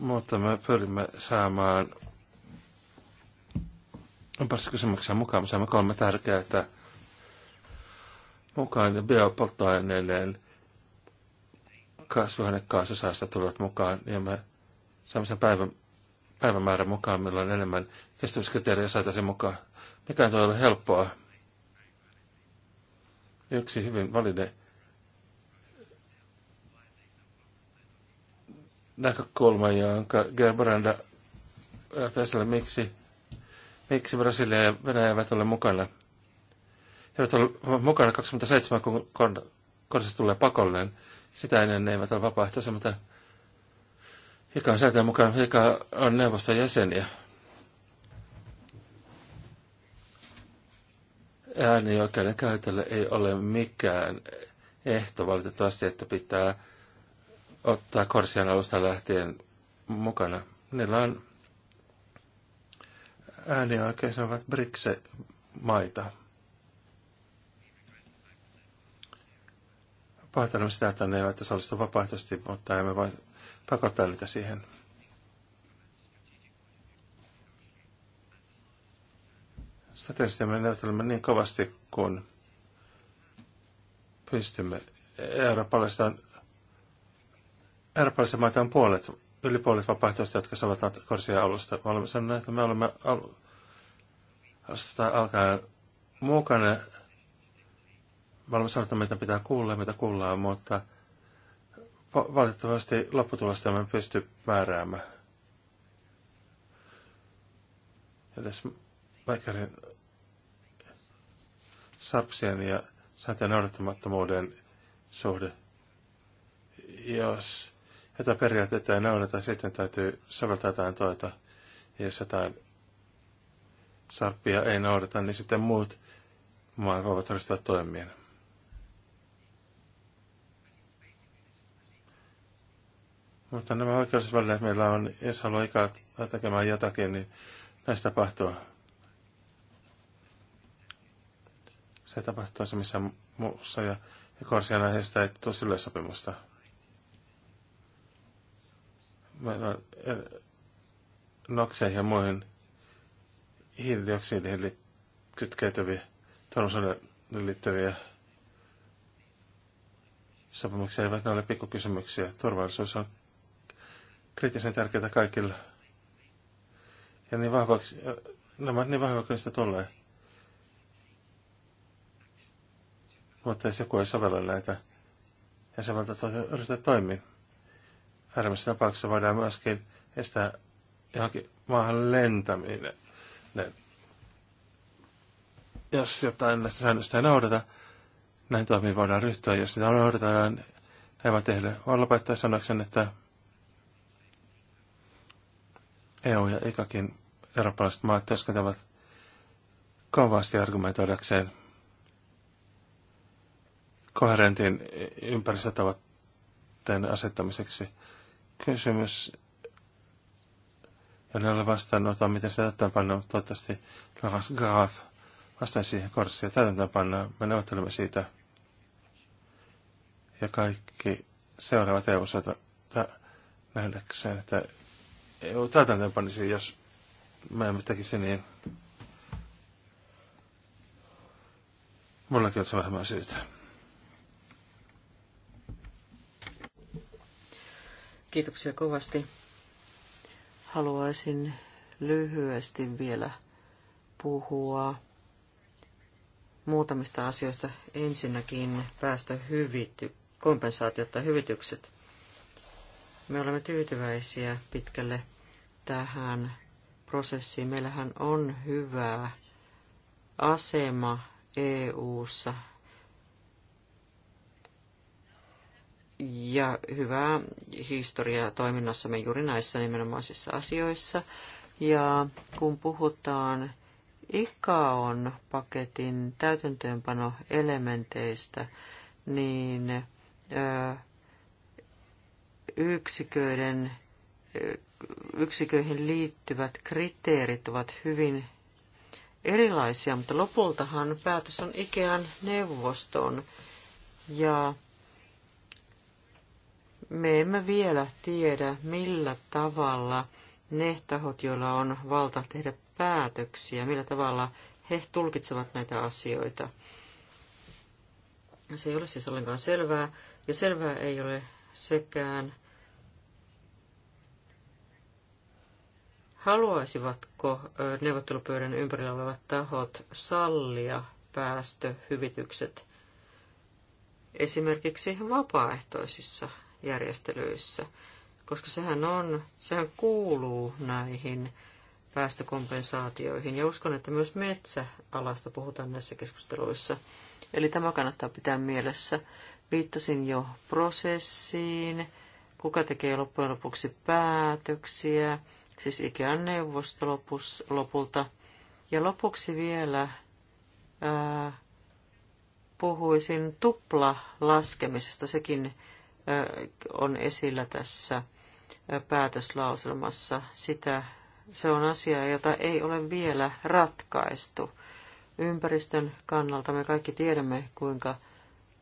mutta me pyrimme saamaan kysymyksiä mukaan. Me saamme kolme tärkeää mukaan biopolttoaineilleen kasvihuonekaasusaasta tulevat mukaan ja me saamme sen päivän, päivämäärän mukaan, milloin enemmän kestävyyskriteerejä saataisiin mukaan. Mikään ei ole helppoa. Yksi hyvin valide näkökulma, jonka Gerbranda ajattelee, miksi, miksi Brasilia ja Venäjä eivät ole mukana – ovat olleet mukana 27, kun konsensus tulee pakollinen. Sitä ennen ne eivät ole vapaaehtoisia, mutta Hika on säätäjä mukana. Hika on neuvoston jäseniä. Äänioikeuden käytölle ei ole mikään ehto valitettavasti, että pitää ottaa Korsian alusta lähtien mukana. Niillä on äänioikeus, ne ovat brikse maita pahoittelemme sitä, että ne eivät osallistu vapaaehtoisesti, mutta emme voi pakottaa niitä siihen. Strategisesti me neuvottelemme niin kovasti, kun pystymme. Eurooppalaisen maita on puolet, yli puolet vapaaehtoista, jotka saavat korsia alusta. Me olemme sanoneet, että me olemme al- alkaen mukana valmis sanoa, että mitä pitää kuulla ja mitä kuullaan, mutta valitettavasti lopputulosta emme pysty määräämään. Edes Mäkärin sapsien ja sääntöjen noudattamattomuuden suhde. Jos jotain periaatteita ei noudata, sitten täytyy soveltaa jotain toita. Ja jos jotain sarppia ei noudata, niin sitten muut maat voivat ryhtyä toimien. Mutta nämä oikeusvälineet meillä on, jos haluaa ikää tekemään jotakin, niin näistä tapahtuu. Se tapahtuu se missä muussa ja, ja Korsian aiheesta ei tule sille sopimusta. Meillä on eh, nokseihin ja muihin hiilidioksidiin li- kytkeytyviä, tuollaisuuden liittyviä sopimuksia, eivät ne ole pikkukysymyksiä. Turvallisuus on kriittisen tärkeitä kaikille. Ja niin vahvaksi, nämä niin vahvaksi niistä tulee. Mutta jos joku ei sovella näitä ja jäsenvaltioita yritä toimia, äärimmäisessä tapauksessa voidaan myöskin estää johonkin maahan lentäminen. Ne. Jos jotain näistä säännöistä ei noudata, näin toimii voidaan ryhtyä. Jos sitä noudataan, niin he voivat tehdä. Voin lopettaa sanoksen, että EU ja ekakin eurooppalaiset maat työskentelevät kovasti argumentoidakseen koherentin ympäristötavoitteen asettamiseksi. Kysymys, ja ne ole vastannut, on miten se mutta Toivottavasti Laurence Graaf vastaa siihen korsiin ja täytäntöönpannaan. Me neuvottelemme siitä. Ja kaikki seuraavat eu nähdäkseen, että ne panisi, jos mä en tekisi niin. Mullakin on se vähemmän syytä. Kiitoksia kovasti. Haluaisin lyhyesti vielä puhua muutamista asioista. Ensinnäkin päästä hyvity, kompensaatiot tai hyvitykset. Me olemme tyytyväisiä pitkälle tähän prosessiin. Meillähän on hyvä asema EU-ssa ja hyvää historiaa toiminnassamme juuri näissä nimenomaisissa asioissa. Ja kun puhutaan ICAON paketin täytäntöönpanoelementeistä, niin äh, yksiköiden, yksiköihin liittyvät kriteerit ovat hyvin erilaisia, mutta lopultahan päätös on Ikean neuvoston ja me emme vielä tiedä, millä tavalla ne tahot, joilla on valta tehdä päätöksiä, millä tavalla he tulkitsevat näitä asioita. Se ei ole siis ollenkaan selvää, ja selvää ei ole sekään, Haluaisivatko neuvottelupöydän ympärillä olevat tahot sallia päästöhyvitykset esimerkiksi vapaaehtoisissa järjestelyissä, koska sehän, on, sehän kuuluu näihin päästökompensaatioihin. Ja uskon, että myös metsäalasta puhutaan näissä keskusteluissa. Eli tämä kannattaa pitää mielessä. Viittasin jo prosessiin, kuka tekee loppujen lopuksi päätöksiä, siis Ikean neuvosto lopus, lopulta. Ja lopuksi vielä ää, puhuisin tupla laskemisesta. Sekin ää, on esillä tässä ää, päätöslauselmassa. Sitä, se on asia, jota ei ole vielä ratkaistu. Ympäristön kannalta me kaikki tiedämme, kuinka